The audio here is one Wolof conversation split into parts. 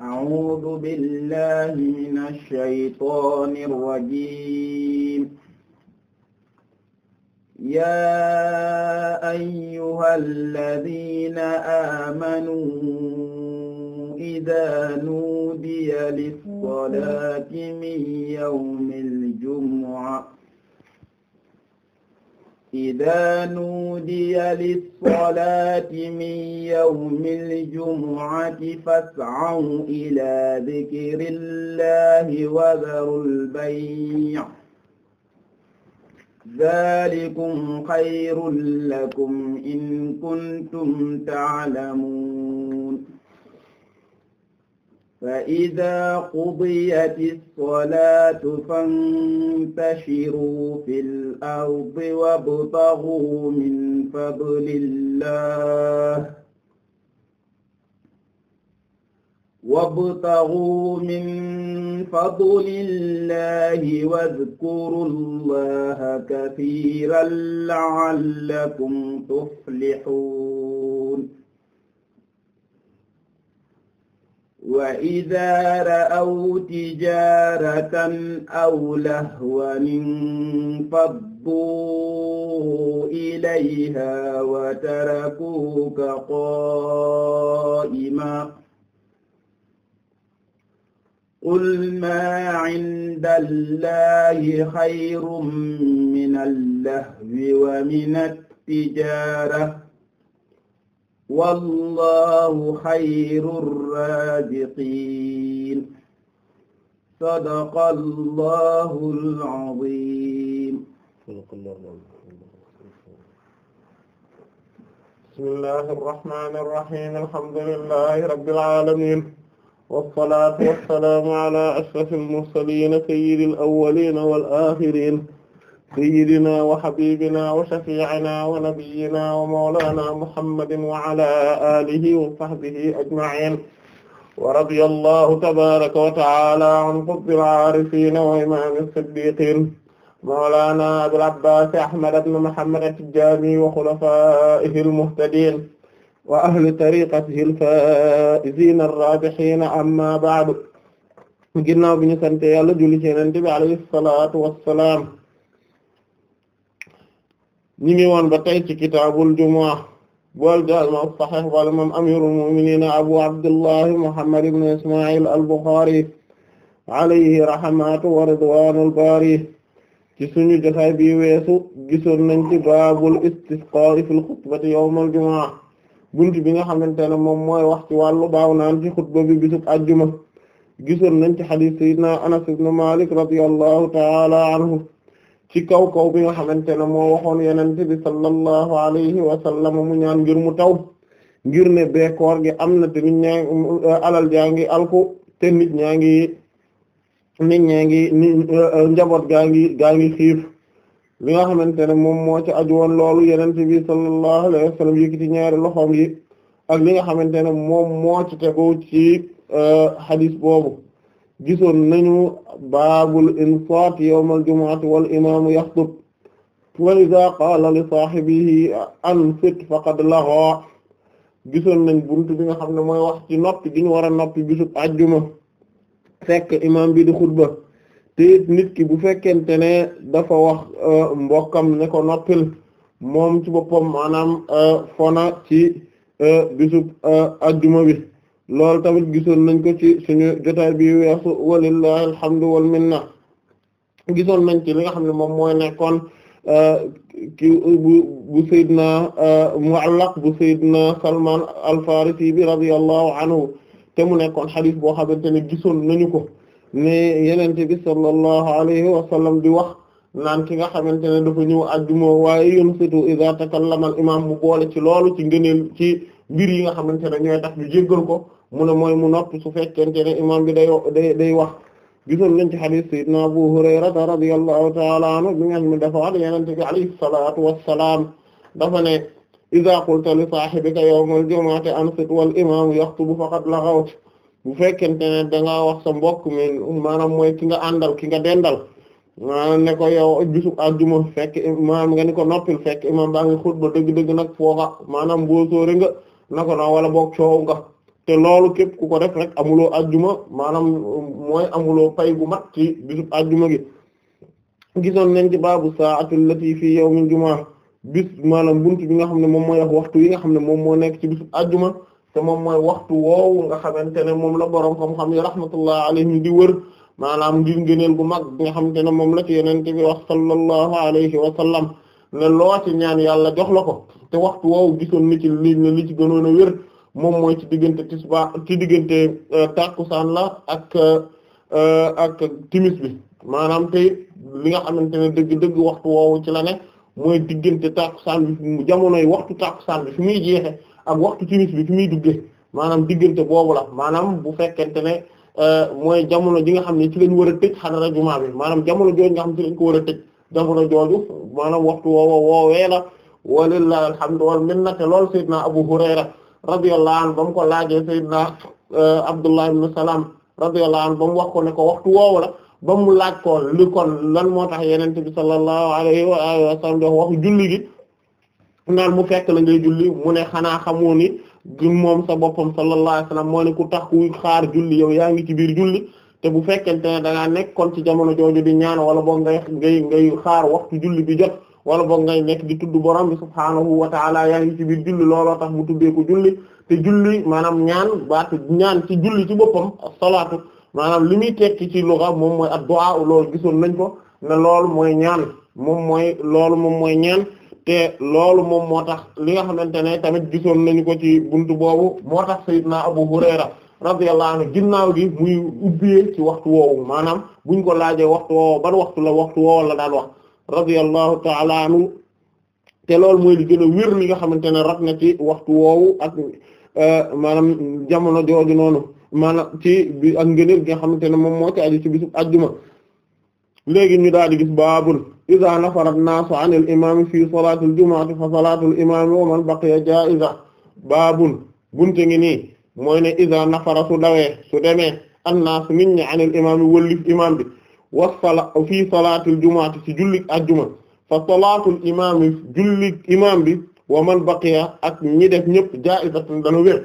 أعوذ بالله من الشيطان الرجيم يا أيها الذين آمنوا إذا نودي للصلاة من يوم الجمعة إذا نودي للصلاة من يوم الجمعة فاسعوا إلى ذكر الله وذروا البيع ذلكم خير لكم إن كنتم تعلمون فإذا قضيت الصلاة فانتشروا في الأرض وابتغوا من فضل الله وابتغوا من فضل الله واذكروا الله كثيرا لعلكم تفلحون وإذا رأوا تجارة أو لهوا انفضوا إليها وتركوك قائما قل ما عند الله خير من اللهو ومن التجارة wallaahu xayru raaziqiin sadaqallaahul aziim bismillaahir rahmaanir rahiim alhamdulillaahi rabbil aalamiin wassalaatu wassalaamu alaa ashrafil mursaliin sayyidil awwaliin wal aaxiriin sayyidina wa habibina wa shafi'ina wa nabiyyina wa mawlana muhammadin wa ala alihi wa sahbihi ajma'in wa radiyallahu tabaraka wa ta'ala an qutbil arifin wa imam as-siddiqin mawlana abil abbas ahmad ibn muhammad at-tijani wa khulafa'ihi al-muhtadin wa ahli tariqatihi al-fa'izin ar-rabihin amma ba'du ginnaaw bi ñu sante Yàlla julli ci Yonent bi alayhi salatu wassalam ñi ngi woon ba tey ci kitaabul jumaa bool jaama sahih wal imam amirul mu'minin abu abdullah muhammad ibn isma'il al-bukhari alayhi wa ridwanul bari ci suñu jotaay bi weesu gisoon nañ ci baabul istisqaa'i fil xutbati yawmal jumaa bunt bi nga xamante ne moom mooy wax ci wàllu baaw naan ci xutba bi bisub ajjuma gisoon nañ ci xadiis sayyidina anas ibn malik radiyallahu ta'ala anhu ci kaw kaw bi nga xamante ne moo waxoon yenente bi sallallahu alayhi wa sallam mu ñaan ngir mu taw ngir ne beekoor gi am na te nit ñaa alal jaa ngi alku te nit ñaa ngi nit ñaa ngi njaboot gaa ngi gaa ngi xiif li nga xamante ne moom moo ci aju woon loolu yenente bi sallallahu alayhi wa sallam yëkkati ñaari loxoom yi ak li nga xamante ne moom moo ci tegu ci euh, hadis boobu gisoon nañu baabul insaat yawmal jumu'ati wal imaamu yaxtub wa iza qaala li saahibihi ansit faqad lagha gisoon nañ buntu bi nga xam ne mooy wax ci noppi gi ñu war a noppi bisub ajjuma fekk imaam bi di xutba te nit ki bu fekkente ne dafa wax euh, mbokkam ne ko noppil moom ci boppam maanaam euh, fona ci euh, bisub ajjuma bi loolu tamit gisoon nañ ko ci suñu jotaay bi weesu walillahi alhamdu wal minna gisoon nañ ci li nga xam ne moom mooy nekkoon euh, ki bu bu Seydina euh, Mu'allaq bu Seydina Salman al-Farisi bi radiyallahu anhu te mu nekkoon xadis boo xamante ne gisoon nañu ko ne ci bi sallallahu alayhi wa sallam wax naan ki nga xamante ne dafa ñu àjjuma waaye yunsitu idha takallama al imam mu boole ci loolu ci ngëneel ci mbir yi nga xamante ne ñooy tax ñu jéggal ko mu ne mooy mu noppi su fekkente ne imaam bi day day day wax gisoon nañ ci hadith sayyidina Abu Hurayrata radiyallahu ta'ala anhu bi nga xam ne dafa wax Yonent bi alayhi salaatu wassalaam dafa ne iza qulta li saahibika yawmal jumu'ati ansit wal imaamu yaxtubu faqad laghawta bu fekken ne danga wax sa mbokk mi maanaam mooy ki nga àndal ki nga dendal maanaam ne ko yow bisu àjjuma fekk maanaam nga ni ko noppil fekk imaam baa ngi xutba dëgg-dëgg nag foofa maanaam boo sooree nga na na wala boog coow nga te loolu képp ku ko def rek amuloo ajjuma maanaam mooy amuloo pay gu mag ci bisub ajjuma gi gisoon nañ ci baabu saa'atu allati fi yawmil jumaa bis maanaam buntu bi nga xam ne moom mooy waxtu yi nga xam ne moom moo nekk ci bisub ajjuma mooy waxtu woowu nga xamante ne moom la boroom xam-xam yi rahmatullah alayhim di wër maanaam ngir ngëneel gu mag nga xamante ne moom la ci yenente bi wax sallallahu alayhi wa sallam ne loo ci ñaan yàlla jox la ko te waxtu woowu gisoon ni ci li li moom mooy ci diggante tisba ci diggante euh, takkusaan la ak euh, ak timis bi maanaam te li nga xamante ne dëgg-dëgg waxtu woowu ci la ne mooy diggante takkusaan bi jamonoy waxtu takkusaan bi fi muy jeexe ak waxtu timis bi fi muy duggee maanaam diggante boobu la maanaam bu fekkente ne euh, mooy jamono ji nga xam ne ci lañ war a tëj xadara jumaa bi maanaam jamono jooju nga xam ne ci lañ ko war a tëj jamono jooju maanaam waxtu woowo woowee la walillahi alhamdu wal minna te lool sayyidna Abu Hurayra radiyallahu anhu ba mu ko laajee Seydina euh, Abdullah ibn Salam radiyallahu anhu ba mu wax ko ne ko waxtu woowu la ba mu laaj ko li lan moo tax yeneen bi sallallahu alayhi wa alihi wa waxu julli gi naan mu fekk la ngay julli mu ne xanaa xamoo ni moom sa boppam sallallahu alayhi wa sallam moo ne ku tax kuy xaar julli yow yaa ngi ci biir julli te bu fekkente ne da ngaa nekkoon ci jamono jooju di ñaan wala boog ngay ngay ngay xaar waxtu julli bi jot wala boog ngay nekk di tudd borom bi subhaanahu wa taala yaa ngi ci biir julli looloo tax mu tuddee ko julli te julli maanaam ñaan baatu ñaan ci julli ci boppam salaatu maanaam li muy tekki ci luga moom mooy ad-du'a loolu gisoon nañ ko ne loolu mooy ñaan moom mooy loolu moom mooy ñaan loolu moom moo tax li nga xamante ne tamit gisoon nañu ko ci buntu boobu moo tax sayyidna Abu Hurayra radiyallahu anhu ginnaaw gi muy ubbee ci waxtu woowu maanaam buñ ko laajee waxtu woowu ban waxtu la waxtu woowu wax radiyallahu ta'ala anhu te loolu mooy li gën a wér li nga xamante ne rat na ci waxtu woowu ak euh, maanaam jamono jooju noonu maanaam ci bi ak ngëneel gi nga xamante ne moom moo ci aju ci bisub ajjuma léegi ñu daal di gis baabul iza nafara an-naasu an al imami fii salaatil jumu'ati fa salaatul imami wa man baqiya jaa'iza baabul bunte ngi nii mooy ne iza nafara su dawee su demee an-naasu nit ñi an al imami wëllif bi wa sala fii salaatil jumaati ci jullig ajjuma fa salaatul imaami jullig imaam bi wa man baqiya ak ñi def ñëpp jaa'izatan dana wér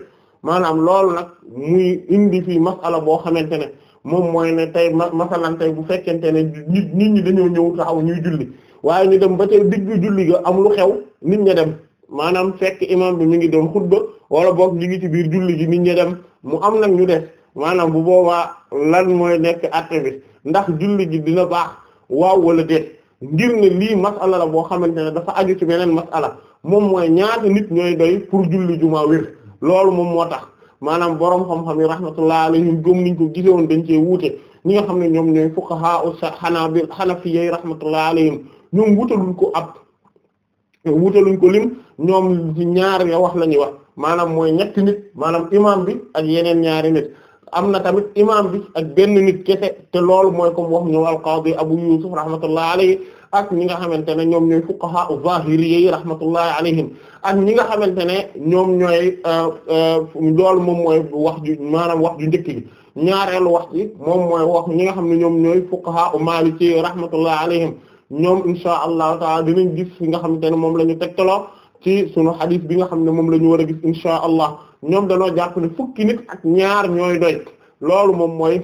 maanaam lool nag muy indi fii masala boo xamante ne moom mooy ne tey masalan tey bu fekkente ne nit ñi dañoo ñëw taxaw ñuy julli waaye ñu dem ba tey digg julli am lu xew nit ña dem maanaam fekk imaam bi mi ngi doon xutba wala boog ñu ngi ci biir julli gi nit ña dem mu am nag ñu def maanaam bu boobaa lan mooy nekkee àtte bi ndax julli gi dina baax waaw wala déet ngir ne lii masala la boo xamante ne dafa aju ci beneen masala moom mooy ñaata nit ñooy doy pour julli juma wér loolu moom moo tax maanaam borom xam-xam yi rahmatullah alayhim gëm niñ ko gisewoon dañ cee wuute ñi nga xam ne ñoom ñooy fuqaha u xanaabi xanafiyyi rahmatullah alayhim ñoom wutaluñ ko ab wutaluñ ko lim ñoom ci ñaar ya wax la ñuy wax maanaam mooy ñetti nit maanaam imam bi ak yeneen ñaari nit am na tamit imam bi ak benn nit kese te loolu mooy comme wax ñu al-Qadi Abu Yusuf rahmatullahi alayhi ak ñi nga xamante ne ñoom ñooy fuqaha zahiri yi rahmatullahi alayhim ak ñi nga xamante ne ñoom ñooy euh, euh, loolu moom mooy wax ju maanaam wax ju njëkk gi ñaareelu wax ci moom mooy wax ñi nga xam ne ñoom ñooy fuqaha maliki rahmatullahi alayhim ñoom insha allahu taala dinañ gis fi nga xam ne moom la ñu tegtaloo ci sunu hadith bi nga xam ne moom la ñu war a gis insha allah ñoom dañoo jàpp ne fukki nit ak ñaar ñooy doy loolu moom mooy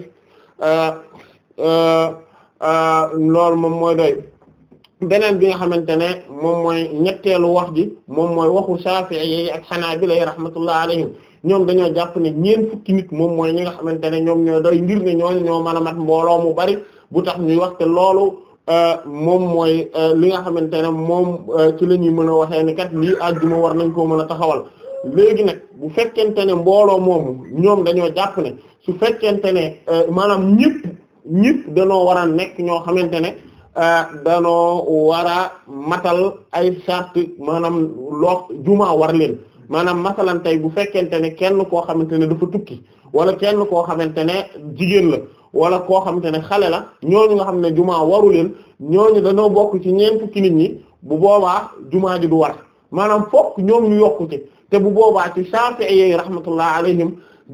euh, euh, euh, loolu moom mooy doy beneen bi nga xamante ne moom mooy ñetteelu wax ji moom mooy waxu Shafi'i ak Hanabila rahmatullah alayhim ñoom dañoo jàpp ne ñeent fukki nit moom mooy ñi nga xamante ne ñoom ñooy doy ngir ne ñooñu ñoo mën a mat mbooloo mu bari bu tax ñuy wax te loolu moom mooy li nga xamante ne moom ci la ñuy mën a waxee ni kat lii àjjuma war nañ koo mën a taxawal léegi nag bu fekkente ne mbooloo moomu ñoom dañoo jàpp ne su fekkente ne euh, maanaam ñëpp ñëpp danoo war nekk ñoo xamante ne euh, danoo war a matal ay charte maanaam loo juma war leen maanaam masalan tey bu fekkente ne kenn koo xamante ne dafa tukki wala kenn koo xamante ne jigéen la wala koo xamante ne xale la ñooñu nga xam ne juma waru leen ñooñu dañoo bokk ci ñeent fukki nit ñi bu boobaa jumaa ji du war maanaam fokk ñoom ñu yokku te bu boobaa ci Shafi'i yi rahmatullah alayhim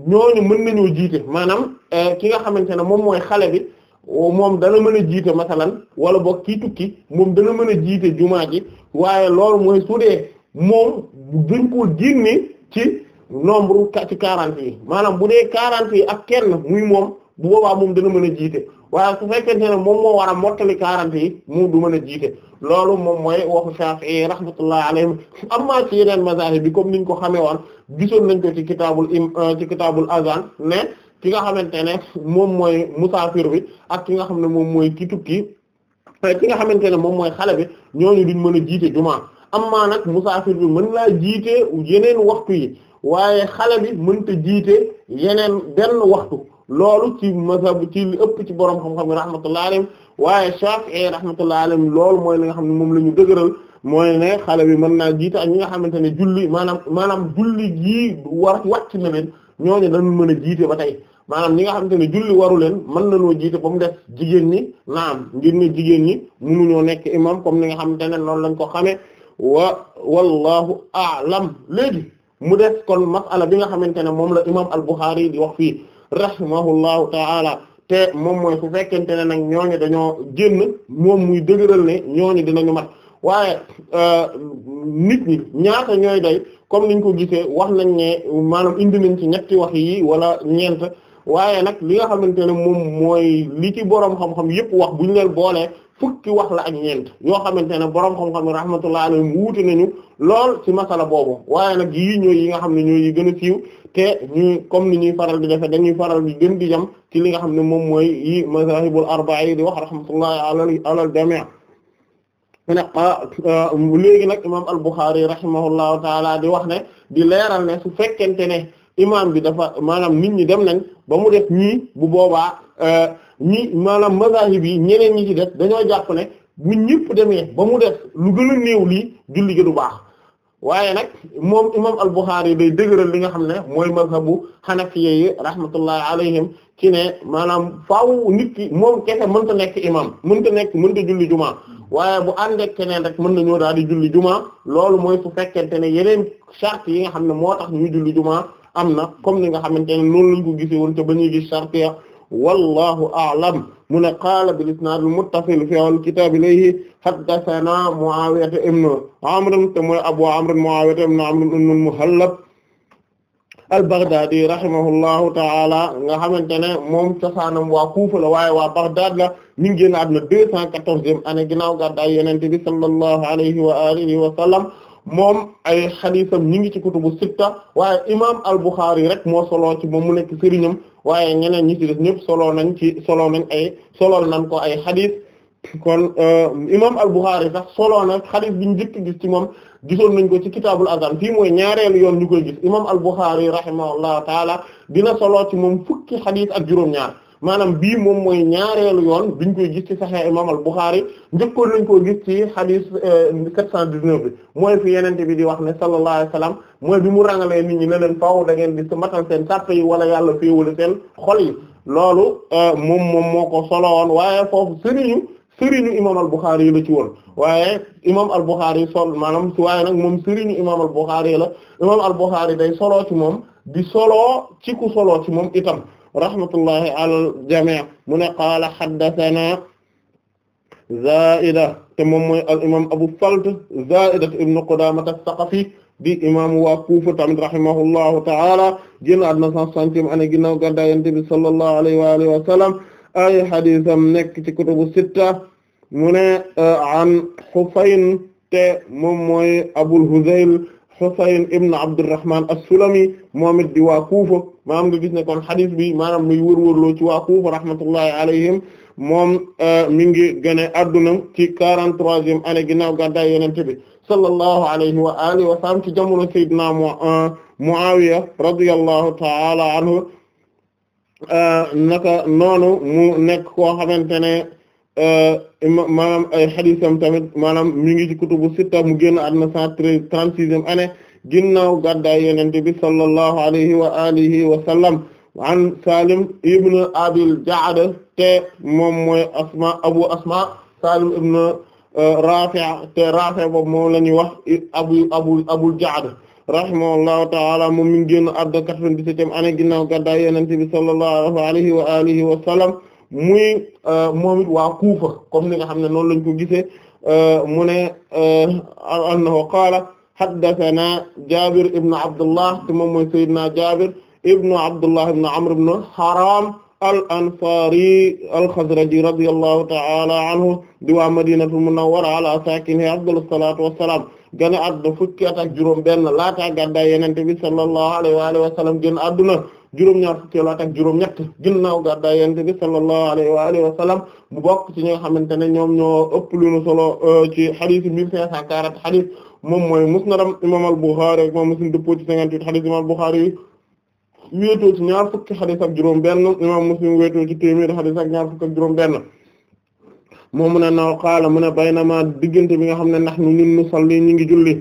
ñooñu mën nañoo jiite maanaam eh, ki nga xamante ne moom mooy xale bi moom dana mën a jiite masalan wala boog kii tukki moom dana mën a jiite jumaa ji waaye loolu mooy su dee moom duñ ko génne ci nombre ci quarante yi maanaam bu dee quarante yi ak kenn muy moom bu boobaa moom dana mën a jiite waaye su fekkente ne moom moo war a mottali quarante yi mu du mën a jiite loolu moom mooy waxu Shafi'i rahmatullahi alayhim amma ci yeneen mazahib bi comme niñ ko xamee woon gisoon nañ ko ci kitaabul im euh, ci kitaabul azan ne ki nga xamante ne moom mooy musaafir bi ak ki nga xam ne moom mooy ki tukki euh, ki nga xamante ne moom mooy xale bi ñooñu duñ mën a jiite jumaa amma nag musaafir bi mën laa jiite yeneen waxtu yi waaye xale bi mënta jiite yeneen benn waxtu loolu ci mazhab ci li ëpp ci borom xam-xam yi rahmatullahi alayhim waaye Shafi'i rahmatullahi alayhim loolu mooy li nga xam ne moom la ñu dëgëral mooy ne xale bi mën naa jiite ak ñi nga xamante ne julli maanaam maanaam julli jii war wàcc na leen ñooñu dañu mën a jiite ba tey maanaam ñi nga xamante ne julli waru leen mën nañoo jiite ba mu def jigéen ñi naam ngir ne jigéen ñi mënuñoo nekk imam comme ni nga xam ne noonu lañ ko xamee wa wallahu a'lam léegi mu def kon masala bi nga xamante ne moom la imam al-Bukhari di wax fii rahimahullahu ta'ala te moom mooy su fekkente ne nag ñooñu dañoo génn moom muy dëgëral ne ñooñu dinañu mat waaye euh, nit ñi ñaata ñooy day comme niñ ko gisee wax nañ ne maanaam indi nañ ci ñetti wax yi wala ñeent waaye nag li nga xamante ne moom mooy li ci boroom xam-xam yépp wax bu ñu leen boolee fukki wax la ak ñeent yoo xamante ne boroom xam-xam ne rahmatullah alayhim wuute nañu lool ci masala boobu waaye nag yii ñooy yi nga xam ne ñooy yi gën a siiw te ñu comme ni ñuy faral di defe dañuy di gën di yam ci li nga xam ne moom mooy yi mazahibul arba'a yi di wax rahmatullah alal alal jami' ne ah, ah, léegi nag imam al-Bukhari rahimahullahu taala di wax ne di leeral ne su fekkente ne imam bi dafa maanaam nit ñi dem nañ ba mu def ñii bu boobaa euh, ñi maanaam mazahib yi ñeneen ñi ci def dañoo jàpp ne bu ñëpp demee ba mu def lu gën a néew lii julli gi du baax waaye nag moom imam al-Bukhari day dëgëral li nga xam ne mooy mazhabu xanafiye yi rahmatullahi alayhim ci ne maanaam faaw nit ki moom kese mënta nekk imam mënta nekk mënta julli jumaa waaye bu ànd ak keneen rek mën na daal di julli jumaa loolu mooy su fekkente ne yeneen charte yi nga xam ne moo tax ñuy julli jumaa am na comme ni nga xamante ne noonu lañ ko gisee woon ñuy gis charte ya wallahu a'lam mu ne qaala bil isnaad al muttasil fi al kitaab ilayhi haddathana Mu'aawiya ibn Amr te mooy Abu Amr Mu'aawiya ibn Amr ibn al-Muhallab al-Baghdadi rahimahullahu ta'ala nga xamante ne moom cosaanam waa Kuufa la waaye waa Baghdad la mi ngi génn àdduna deux cent quatorzième année ginnaaw gàddaay Yonent bi sallallahu alayhi wa alihi wa sallam moom ay xadiisam ñi ngi ci kutubu sitta waaye imaam al-Bukhari rek moo solo ci moom mu nekk sëriñam waaye ñeneen ñi ci def ñëpp solo nañ ci solo nañ ay solo nañ ko ay xadiis kon euh, imaam al-Bukhari sax solo na xadiis bi ñu njëkk gis ci moom gisoon nañ ko ci kitaabul azan fii mooy ñaareelu yoon ñu koy gis imaam al-Bukhari rahimahullahu taala dina solo ci moom fukki xadiis ak juróom-ñaar. maanaam bii moom mooy ñaareelu yoon biñ koy gis ci Sahih imam al-Bukhari njëkkoon lañ ko gis ci hadith 719 euh, bi mooy fi yenente bi di wax ne sallallahu alayhi wasallam mooy bi mu rangalee nit ñi ne leen faaw da ngeen di matal seen sàpp yi wala yàlla féewale seen xol yi loolu euh, moom moom moo ko solo woon waaye foofu sëriñu sëriñu imam al-Bukhari yi la ci woon waaye imam al-Bukhari sol maanaam si waaye nag moom sëriñu imam al-Bukhari la imam al-Bukhari day solo ci moom di solo ci ku solo ci moom itam rahmatullahi alal jamii mu ne qaala haddathana Zaida te moom mooy al imaam Abu Salt Zaida ibn Qudaamah as-Saqafi di imaam waa Kuufa tamit rahimahullahu ta'ala génn àdduna cent soixantième année ginnaaw gàddaay Yonent bi sallallahu alayhi wa alihi wa sallam ay hadiisam nekk ci kutubu sitta mu ne eh, an Husayn te moom mooy Abul Hudayl Husayn ibn Abdurrahman as-Sulami moom it di waa Kuufa maanaam gis ne kon xadis bi maanaam muy wërwërloo ci waa Kuufa rahmatullahi moom eh, mi ngi gëne adduna ci quarante-troisième année ginnaaw gàddaay Yonent bi sallallahu alayhi wa alihi wa sallam ci jamono Seydina eh, Muawiya radiyallahu eh, mu nekk koo xamante ne Euh, maanaam ay xadisam tamit maanaam mi ngi ci kutubu sitta mu génn àdduna cent treize trente-sixième année ginnaaw gàddaay yonent bi sallallahu alayhi wa alihi wa sallam an Salim ibn Abil Ja'd te moom mooy Asma Abu Asma Salim ibn euh, Rafi' te Rafi' boobu moom la ñuy wax Abu Abu Abu Ja'd rahimahullahu ta'ala moom mi ngi génn àdduna quatre-vingt-dix-septième année ginnaaw gàddaay yonent wa alihi wa sallam muy euh, moom it waa Kuufa comme ni nga xam ne noonu lañ ko gisee euh, mu ne euh, annahu qaala haddathana Jaabir ibn Abdullah te moom mooy Seydina Jaabir ibn Abdullah ibn Amr ibn Haram al-Ansaari al-Khazraji radiyallahu ta'ala anhu di waa Madinatul Munawwara ala saakinihaa afdalu salaatu wa salaam gane adduna fukki at ak juróom benn laataa gàddaay yenente bi sallallahu alayhi wa alihi wa sallam génn adduna juróom-ñaar fukki at ak juróom ñett ginnaaw gàddaay yenente bi sallallahu alayhi wa alihi wa sallam bokk ci ñi nga xamante ne ñoom ñoo ëpp lu ñu solo euh, ci xadis mille cinq cent quarante xadis moom mooy musnadam imam al-Bukhari ak moom Muslim dëppoo ci cinquante-huit xadis imam al-Bukhari wéetoo ci ñaar fukki xadis ak juróom benn imam Muslim wéetoo ci téeméer xadis ñaar fukki ak juróom benn moom mu ne naw qaala mu ne ma diggante bi nga xam ne nahnu ñun nusalli ñu ngi julli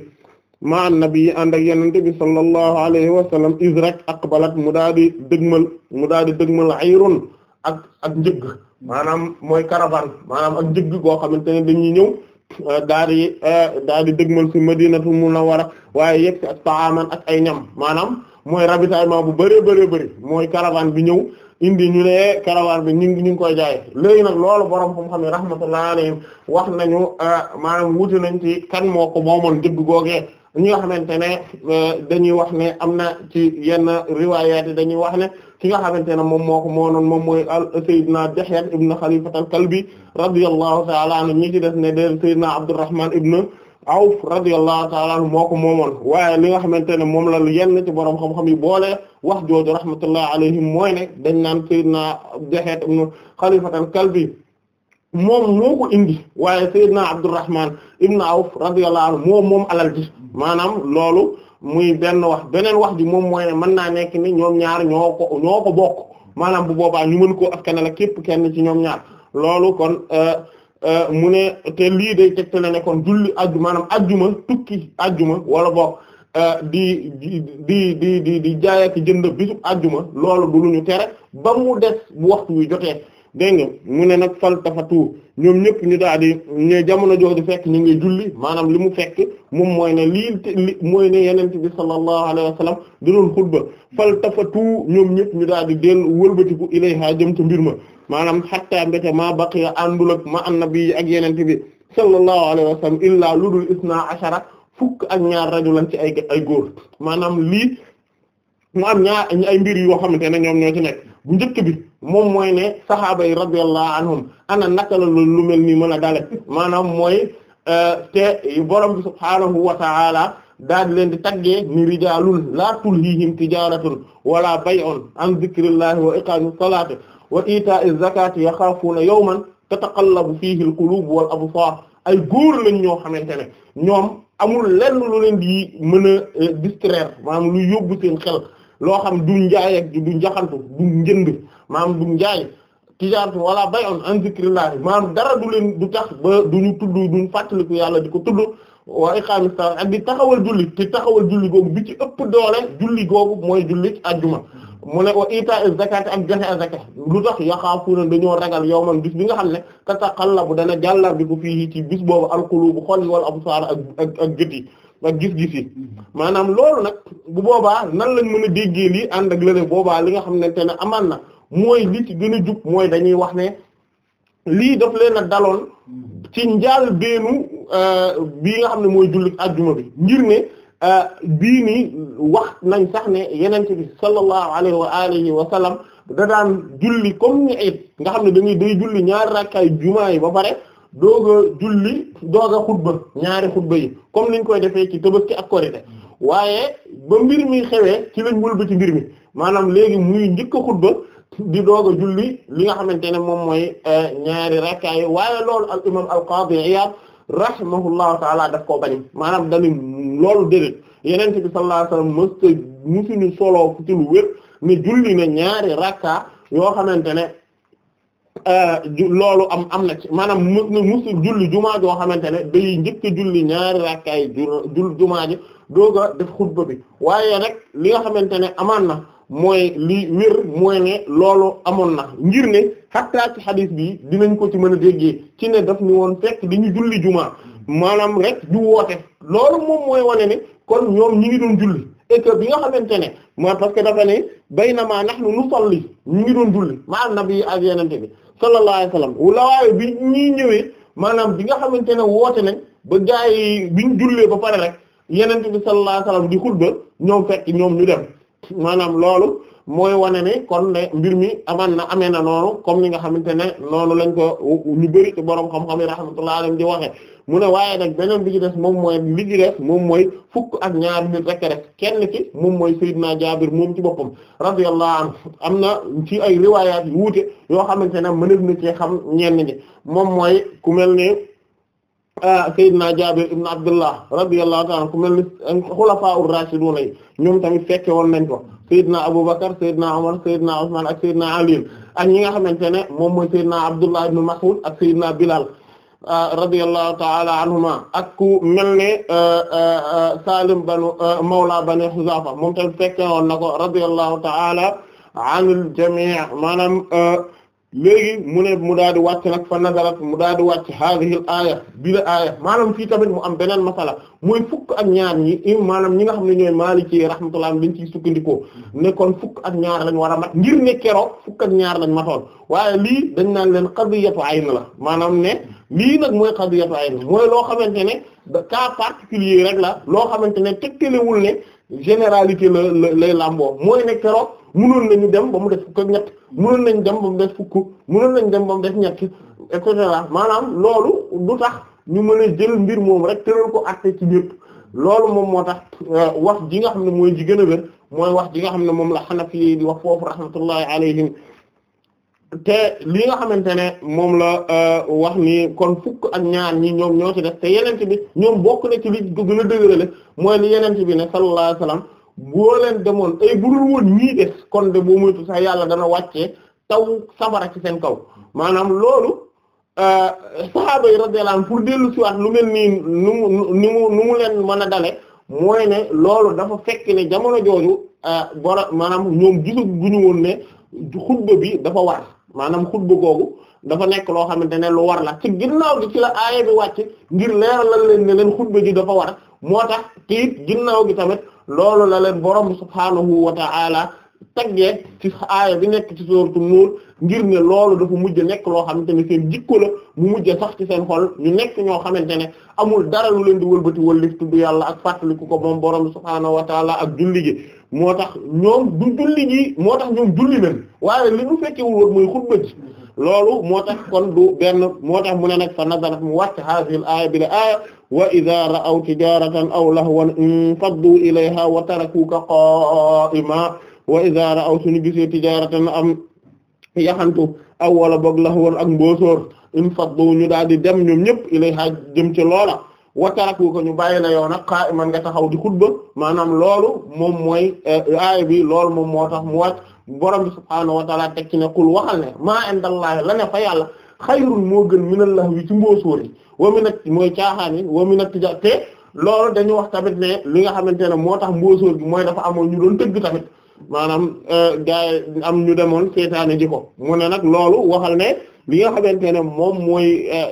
ma annabi yi ànd ak yenante bi sallallahu alayhi wa sallam is rek aqbalat mu daa di dëgmal mu daa di dëgmal ayron ak ak njëgg maanaam mooy caravane maanaam ak njëgg goo xamante ne dañuy ñëw euh, daa di euh, daa di dëgmal ci madinatul munawwara waaye yegg si ak taaman ak ay ñam maanaam mooy ravitaillement bu bëree bëree bëri mooy caravane bi ñëw indi ñu ne karawaan bi ñu ngi ñu ngi koy jaay léegi nag loolu borom xam-xam yi rahmatullahi alayhim wax nañu euh, maanaam wuti nañ ci kan moo ko moomoon jëgg googee ñi nga xamante ne euh, dañuy wax ne am na ci yenn riwaayaat yi dañuy wax ne ki nga xamante ne moom moo ko moonoon moom mooy Seydina Dihyak ibn Khalifat al-Kalbi radiyallahu ta'ala anhu ñi ci def ne de Seydina Abdurrahman ibn Awf radiyallahu ta'ala anhu moo ko moomoon waaye li nga xamante ne moom la yenn ci borom xam-xam yi boole wax jooju rahmatullahi alayhim mooy ne dañ naan Seydina Jaheet ibn Xalifat al-Kalbi moom moo ko indi waaye Seydina Abdurrahman ibn Awf radiyallahu anhu moom moom alal ji maanaam loolu muy benn wax beneen wax ji moom mooy ne mën naa nekk ni ñoom ñaar ñoo ko ñoo bokk maanaam bu boobaa ñu mën koo askanale képp kenn ci ñoom ñaar loolu kon. Euh, Euh, mu ne te lii day tegtale ne kon julli ajjuma maanaam ajjuma tukki ajuma walla boog euh, di di di di di jaay ak jënd bisub ajuma loolu du lu ñu tere ba mu des bu waxtu wi jotee. dégg nga mu ne nag fal tafatu ñoom ñëpp ñu daal di ne jamono jooju fekk ñu ngi julli maanaam li mu fekk moom mooy ne lii li mooy ne yenente bi sallallahu alayhi wa sallam di doon xutba fal tafatu ñoom ñëpp ñu daal di dellu wëlbatiku ilayha jëm ca mbir ma maanaam xattaa mbéte maa baqiya àndul ak ma annabi ak yenente bi sallallahu alayhi wa sallam illaa ludul isna ashara fukk ak ñaar rajulan ci ay ay góor maanaam mu am ay mbir yoo xamante ne ñoom ñoo ci nekk bu njëkk bi moom mooy ne saxaaba yi radiyallahu anhum ana naka la lu mel nii mën a dale maanaam mooy euh, te borom bi subhaanahu wa ta'ala daal di leen di taggee ni rijaalun laa tulhiihim tijaaratun wala bay'un an dhikrillahi wa iqaamis salaati wa iitaa'iz zakaati yaxaafuuna yawman tataqallabu fiihi al-quluubu wal absaar ay góor lañ ñoo xamante ne ñoom amul lenn lu leen di mën a euh, distraire maanaam lu yóbbu seen xel loo xam du njaay ak du njaxantu du njënd maanaam du njaay tijaartu wala bayoon an zikrillah maanaam dara du leen du tax du duñu tudd duñu fàttaliku yàlla di ko tudd wa iqaamis salaat ak di taxawal julli ti taxawal julli googu bi ci ëpp doole julli googu mooy julli ajjuma mu ne wa itaa'iz zakaat ak joxe azaka lu tax yaxaafuuna dañoo ragal yawman bis bi nga xam ne tataqallabu dana jàllar bi ko fii ci bis boobu alquluubu xol yi wal absaar ak ak ak gët yi ak gis-gis yi maanaam loolu nag bu boobaa nan lañ mën a déggee lii ànd ak lële boobaa li nga xamante ne amaan na mooy li ci gën jub mooy dañuy wax ne lii daf leen a daloon ci njaal beenu euh, bii nga xam ne mooy jullit ajjuma bi ngir ne euh, bii ni wax nañ sax ne yenente bi sallallahu alayhi wa alihi wa sallam da daan julli comme ni it nga xam ne dañuy day julli ñaari rakkaay jumaa yi ba pare doog julli doog a xutba ñaari xutba yi comme niñ koy defee ci Tabaski ak Korité waaye ba mbir mi xewee ci lañ wëlba ci mbir mi maanaam léegi muy njëkk a xutba di doog a julli li nga xamante ne moom mooy eh, ñaari yi waaye loolu al imam al Qadi Iyad rahimahullahu taala daf koo bañ maanaam dañu loolu déedéet yenen bi sallallahu alayhi wasallam mësta musuñu soloo fu ci lu wér ne julli na ñaari rakka yoo xamante ne Euh, loolu am am na ci maanaam mu musul julli jumaa joo xamante ne day njëkk julli ñaari rakkaay jul jumaa ji dooga def xutba bi waaye rek li nga xamante ne amaan na mooy li wér mooy ne loolu amoon na ngir ne xattaa ci xadis bi dinañ ko ci mën a déggee ci ne daf ni woon fekk dañu julli jumaa maanaam rek du woote loolu moom mooy wane ne kon ñoom ñi ngi doon julli et bi nga xamante ne mooy parce que dafa ne baynama nahnu li ñi ngi doon julli ma annabi ak yenente bi sallallahu alayhi wa sallam lawaaye bi ñii ñëwee maanaam bi nga xamante ne woote nañ ba gaa yi biñ jullee ba pare rek yenente bi sallallahu alayhi wa sallam di xutba ñoom fekk ñoom ñu dem maanaam loolu mooy wane ne kon ne mbir mi amaan na amee na noonu comme ni nga xamante ne noonu lañ ko ñu bari ci boroom xam-xam yi rahmatullahi alayhi waxe mu ne waaye nag beneen bi ci des moom mooy li moom mooy fukk ak ñaar nit rek rek kenn ki moom mooy Seydina Jaabir moom ci boppam radiyallahu anhu am na ci ay riwaayaat yu wuute yoo xamante ne mënees na cee xam ñenn ñi moom mooy ku mel ne ah, Seydina Jaabir ibn Abdullah radiyallahu ta'ala ku mel ne xulafaa ur-raashidun yi ñoom tamit fekke woon nañ ko Seydina Abubakar Seydina Umar Seydina Usman ak Seydina Ali ak ñi nga xamante ne moom mooy Seydina Abdullah ibn Mas'ud ak Seydina Bilal radiyallahu ta'ala anhuma ak ku mel ne Salim banu mawla bani Huzafa moom tamit fekke woon na ko radiyallahu ta'ala anil jami' maanaam léegi mu ne mu daal di wàcc nag fa nazarat mu daal di wàcc hadhihi aaya bi aaya maanaam fii tamit mu am beneen masala mooy fukk ak ñaar ñi maanaam ñi nga xam ne ñooy maaliki rahmatullah dañ ciy sukkandikoo ne kon fukk ak ñaar lañ war a mat ngir ne keroog fukk ak ñaar lañ matoon waaye lii dañ naan leen qadiyatu ayn la maanaam ne lii nag mooy qadiyatu ayn mooy loo xamante ne cas particulier rek la loo xamante ne kelewul ne généralité la la lay làmboo mooy ne keroog mënoon nañu dem ba mu def fukk ak ñett mënoon nañ dem ba mu def fukk mënoon nañ dem ba mu def ñett et cetera maanaam loolu du tax ñu mën a jël mbir moom rek tëral ko àtte ci ñépp loolu moom moo tax euh, wax ji nga xam ne mooy ji gën a wér mooy wax ji nga xam ne moom la Hanafi yi di wax foofu rahmatullahi alayhim te li nga xamante ne moom la euh, wax ni kon fukk ak ñaar ñi ñoom ñoo ci def te yeneen yenent bi ñoom bokk na ci li gën a dëgërale mooy li yenent bi ne sallallahu alayhi wasallam boo leen demoon ay bu dul woon ñii des kon de boo moytu sax yàlla dana wàccee taw sabara ci seen kaw maanaam loolu euh, sahaaba yi radiyallahu anhum pour dellu ci wax nu mu nu mu leen mën a dale mooy ne loolu dafa fekk ne jamono jooju euh, bora maanaam ñoom gisaguñu woon ne xutba bi dafa war maanaam xutba googu dafa nekk loo xamante ne lu war la ci ginnaaw gi ci la aaya bi wàcc ngir leeralal leen ne leen xutba gi dafa war moo tax te it ginnaaw gi tamit loolu la leen borom subhaanahu wa ta'ala taggee ci aaya bi nekk ci sooratu Nuur ngir ne loolu dafa mujj nekk loo xam ne seen jikko la mu mujje sax ci seen xol ñu nekk ñoo xamante ne amul dara lu leen di wëlbati wëlif tudd yàlla ak fàttaliku ko moom borom subhaanahu wa taala ak julli gi moo tax ñoom du julli gi moo tax ñoom julli nañ waaye li ñu fekkewul woon mooy xutba ji loolu moo tax kon du benn moo tax mu ne nag fa nazarat mu wàcc haazihil aaya bi la aaya wa idhaa ra'aw tijaaratan aw lahwan infaddu ilayhaa wa tarakuuka qaa'iman wa iza ra'aw suñu gisee tijaaratan am yaxantu aw wala boog lahwan ak mbóosóor in faddu ñu daal di dem ñoom ñëpp ilayha jëm ci loola wa taraku ko ñu bàyyi la yow nag qa'iman nga taxaw di xutba maanaam loolu moom mooy eh, aaya bi loolu moom moo tax mu wàcc borom bi subhaanahu wa ta'ala tekki ne qul waxal ne maa indallahi la ne fa yàlla xayrun moo gën minal lahwi ci mbóosóor yi wa minat mooy caaxaan yi wa minat tija te loolu dañu wax tamit ne li nga xamante ne moo tax mbóosóor gi mooy dafa amoon ñu doon tëgg tamit maanaam euh, gaay am ñu demoon seetaane ji ko mu ne nag loolu waxal ne li nga xamante ne moom mooy euh,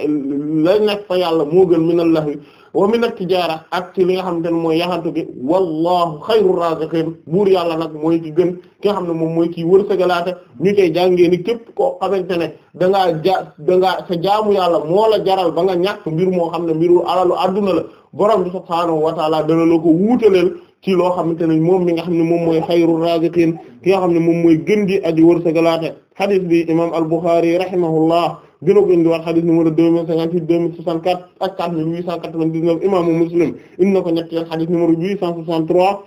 la nekk fa yàlla moo gën minal lahwi wa minat tijaara ak ci li nga xamante ne mooy yaxantu gi wallahu xayru raziqin buur yàlla nag mooy ki gën ki xam ne moom mooy kii wërsëgalaate ñu koy jàngee ni képp koo xamante ne da ngaa ja da sa jaamu yàlla moo la jaral ba nga ñàkk mbir moo xam ne mbiru alal adduna la borom bi subhaanahu wa taala dana la ko ci loo xamante ne moom mi nga xam ne moom mooy xayru ki nga xam ne moom mooy gën ji aji wërsëgalaate xadis bi imam al-Bukhari rahimahullah gëna ko indi waat xadis numéro deux mille cinquante-huit quatre ak quatre mille huit cent Muslim indi na ko trois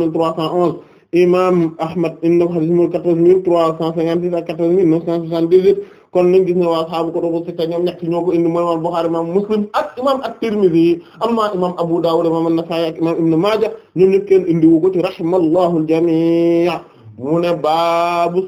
imam trois cent onze imam Ahmad indi na ko trois cent cinquante-six ak quatorze mille neuf cent soixante dix kon ni gis ne waa ashaabu kutubu sitta ñoom ñett ñoo ko indi mooy imam Bukhari imam Muslim ak imam at-Tirmidhi amma imam Abu Dawud imam an-Nasa'i ak imam Ibn Maaja ñoom ñëpp kenn indi wu ko ci rahimallahu al-jamii' mu ne baabu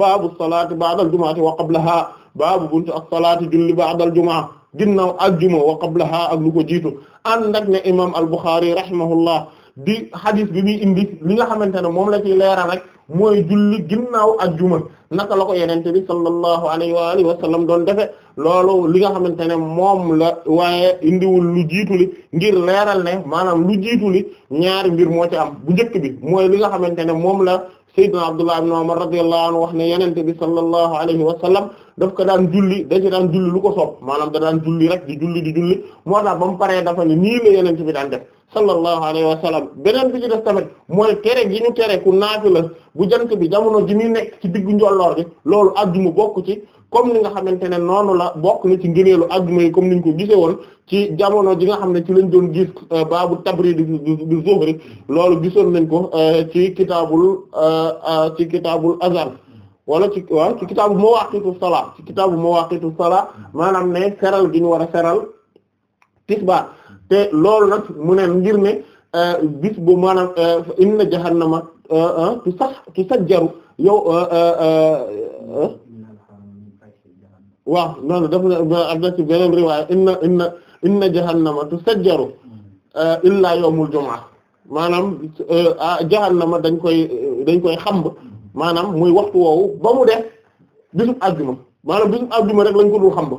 baabu salaati ba'dal jumaati wa qablahaa baabu buntu as-salaati julli ba'dal jumaa ginnaaw al juma wa qablahaa ak lu ko jiitu ànd ak ne imam al-Bukhari rahimahullah di xadis bi muy indi li nga xamante ne moom la ci leeral rek mooy julli ginnaaw ajjuma naka la ko yenente bi sallallahu alayhi wa alihi wa sallam doon defe loolu li nga xamante ne moom la waaye indiwul lu jiitu li ngir leeral ne maanaam lu jiitu li ñaari mbir moo ci am bu njëkk bi mooy li nga xamante ne moom la sayyidna Abdullah ibn Umar radiyallahu anhu wax ne yenente bi sallallahu alayhi wa sallam daf ko daan julli da ci daan julli lu ko soob maanaam da daan julli rek di di julli moo paree dafa ne nii la yenente daan def sallallahu alayhi wa sallam beneen bi ci def tamit mooy tere gi ñu tere ku naafila bu jant bi jamono ji muy nekk ci diggu njolloor gi loolu ajjuma bokk ci comme ni nga xamante ne noonu la bokk na ci ngëneelu ajjuma yi comme ni ñu ko gisee woon ci jamono ji nga xam ne ci lañ doon gis euh, baabu tabri di du zuhri loolu gisoon nañ ko euh, ci kitaabul euh, ci kitaabul azan wala ci waaw ci kitaabu mawaaqitu salaa ci kitaabu mawaaqitu salaa maanaam ne seral gi ñu war a seral tisbaar te loolu nag mu ne ngir ne euh, bis bu maanaam euh, inna jahannama euh, tu sax tu sajjaru yow waaw noonu daf na am na ci beneen riwaaya inna inna inna jahannama tu sajjaru illa yawmul jumaa maanaam ah, jahannama dañ koy dañ koy xamb maanaam muy waxtu woowu ba mu def bisub àjjuma maanaam bisub àjjuma rek lañ ko dul xamb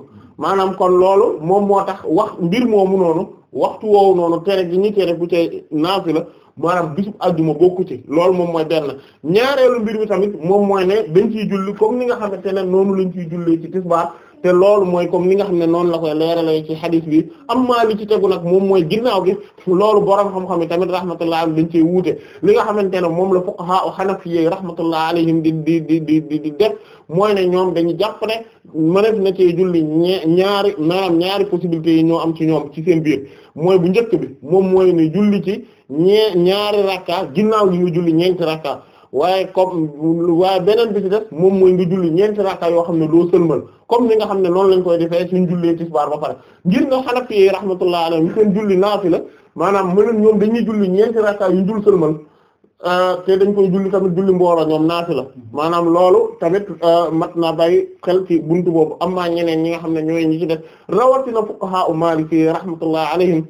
maanaam kon loolu moom moo tax wax mbir moomu noonu waxtu woowu noonu tere gi ñu tere bu tey naafila maanaam bisub àjjuma bokku ci loolu moom mooy benn ñaareelu mbir mi tamit moom mooy ne dañ ciy julli comme ni nga xamante ne noonu lañ ciy jullee ci tisbaar te loolu mooy comme ni nga xam ne noonu la koy leeralay ci xadis bi amma li ci tegu nag moom mooy ginnaaw gi loolu borom xam-xam yi tamit rahmatullah dañ cee wuute li nga xamante ne moom la fuqaha o hanafiyye rahmatullah alayhim di di di di di def mooy ne ñoom dañu jàpp ne mënef na cee julli ñaari maanaam ñaari possibilités yi ñoo am ci ñoom ci seen biir mooy bu njëkk bi moom mooy ne julli ci ñee ñaari rakka ginnaaw gi nga julli ñeenti rakka waaye comme waaye beneen bi ci moom mooy nga julli ñeenti rakka yoo xam ne doo sëlmal comme ni nga xam ne noonu lañ koy defee suñ jullee tisbaar ba pare ngir nga Hanafi yi rahmatullah alayhim seen julli naafila maanaam mënen ñoom dañuy julli ñeenti rakka yu dul sëlmal euh, te dañ koy julli tamit julli mbooloo ñoom naafila maanaam loolu tamit euh, mat na bàyyi xel ci buntu boobu am na ñeneen ñi nga xam ne ñooy ñi ci def rawatina fuqaha u Maliki rahmatullah alayhim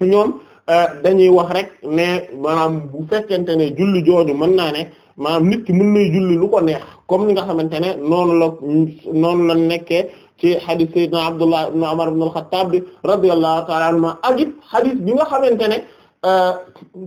ñoom Euh, dañuy wax rek ne maanaam bu fekkente ne julli jooju mën naa ne maanaam nit ki mën na julli lu ko neex comme ni nga xamante ne noonu la noonu la nekkee ci hadith sayyidina Abdullah ibn Umar ibn al-Khattab bi radiyallahu ta'ala anhuma ak nga xamante ne euh,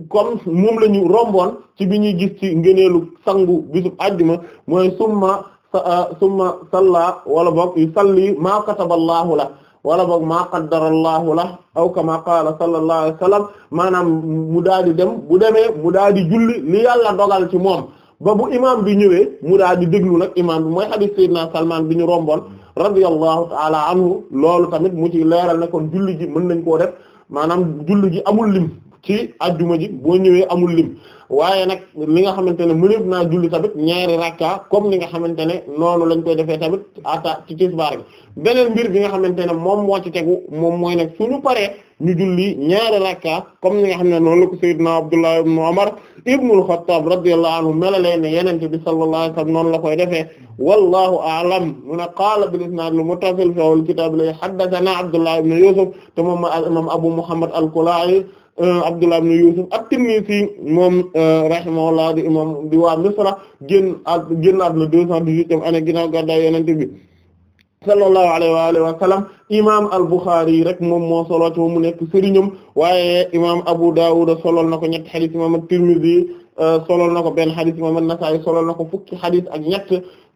comme moom la ñu romboon ci bi ñuy gis ci ngëneelu sangu bisub àjjuma mooy summa euh, summa wala bokk yu salli ma kataballahu la wala boog maa qaddarallahu la aw kama qaala sallallahu alayhi wa sallam maanaam mu daal di dem bu demee mu daal di julli li yàlla dogal ci moom ba bu imaam bi ñëwee mu daal di déglu nag imaam bi mooy hadith sayyidina Salman bi ñu romboon radiyallahu taala anhu loolu tamit mu ci leeral ne kon julli ji mën nañ koo def maanaam julli ji amul lim ci ajjuma ji boo ñëwee amul lim waaye nag li nga xamante ne mëneef naa julli tamit ñaari rakka comme li nga xamante ne noonu lañ koy defee tamit ata ci tisbaar bi beneen mbir li nga xamante ne moom moo ci tegu moom mooy nag suñu paree ñu julli ñaari rakka comme li nga xam ne noonu la ko sayyidna Abdullah ibn Umar ibn al-Khattab radiyallahu anhu melalee ne yenente bi sallallahu alayhi noonu la koy defee wallahu a'lam mu ne qaala bil isnad al-muttasil fi al-kitab li haddathana Abdullah ibn Yusuf te moom al imam Abu Muhammad al-Kula'i Euh, Abdullah ibn Yusuf at-Tinnisi moom euh, rahimahullah di imam di waa Misra génn at génn at le deux cent dix ane année ginnaaw gàddaay Yonent bi sallallahu alayhi wa alihi wa sallam imam al-Bukhari rek moom moo solo ci moom mu nekk sëriñam waaye imam Abu Dawud solool na ko ñetti xadis imam at-Tirmidhi euh, solol na ko benn xadis imam an-Nasa'i solol na ko fukki xadis ak ñett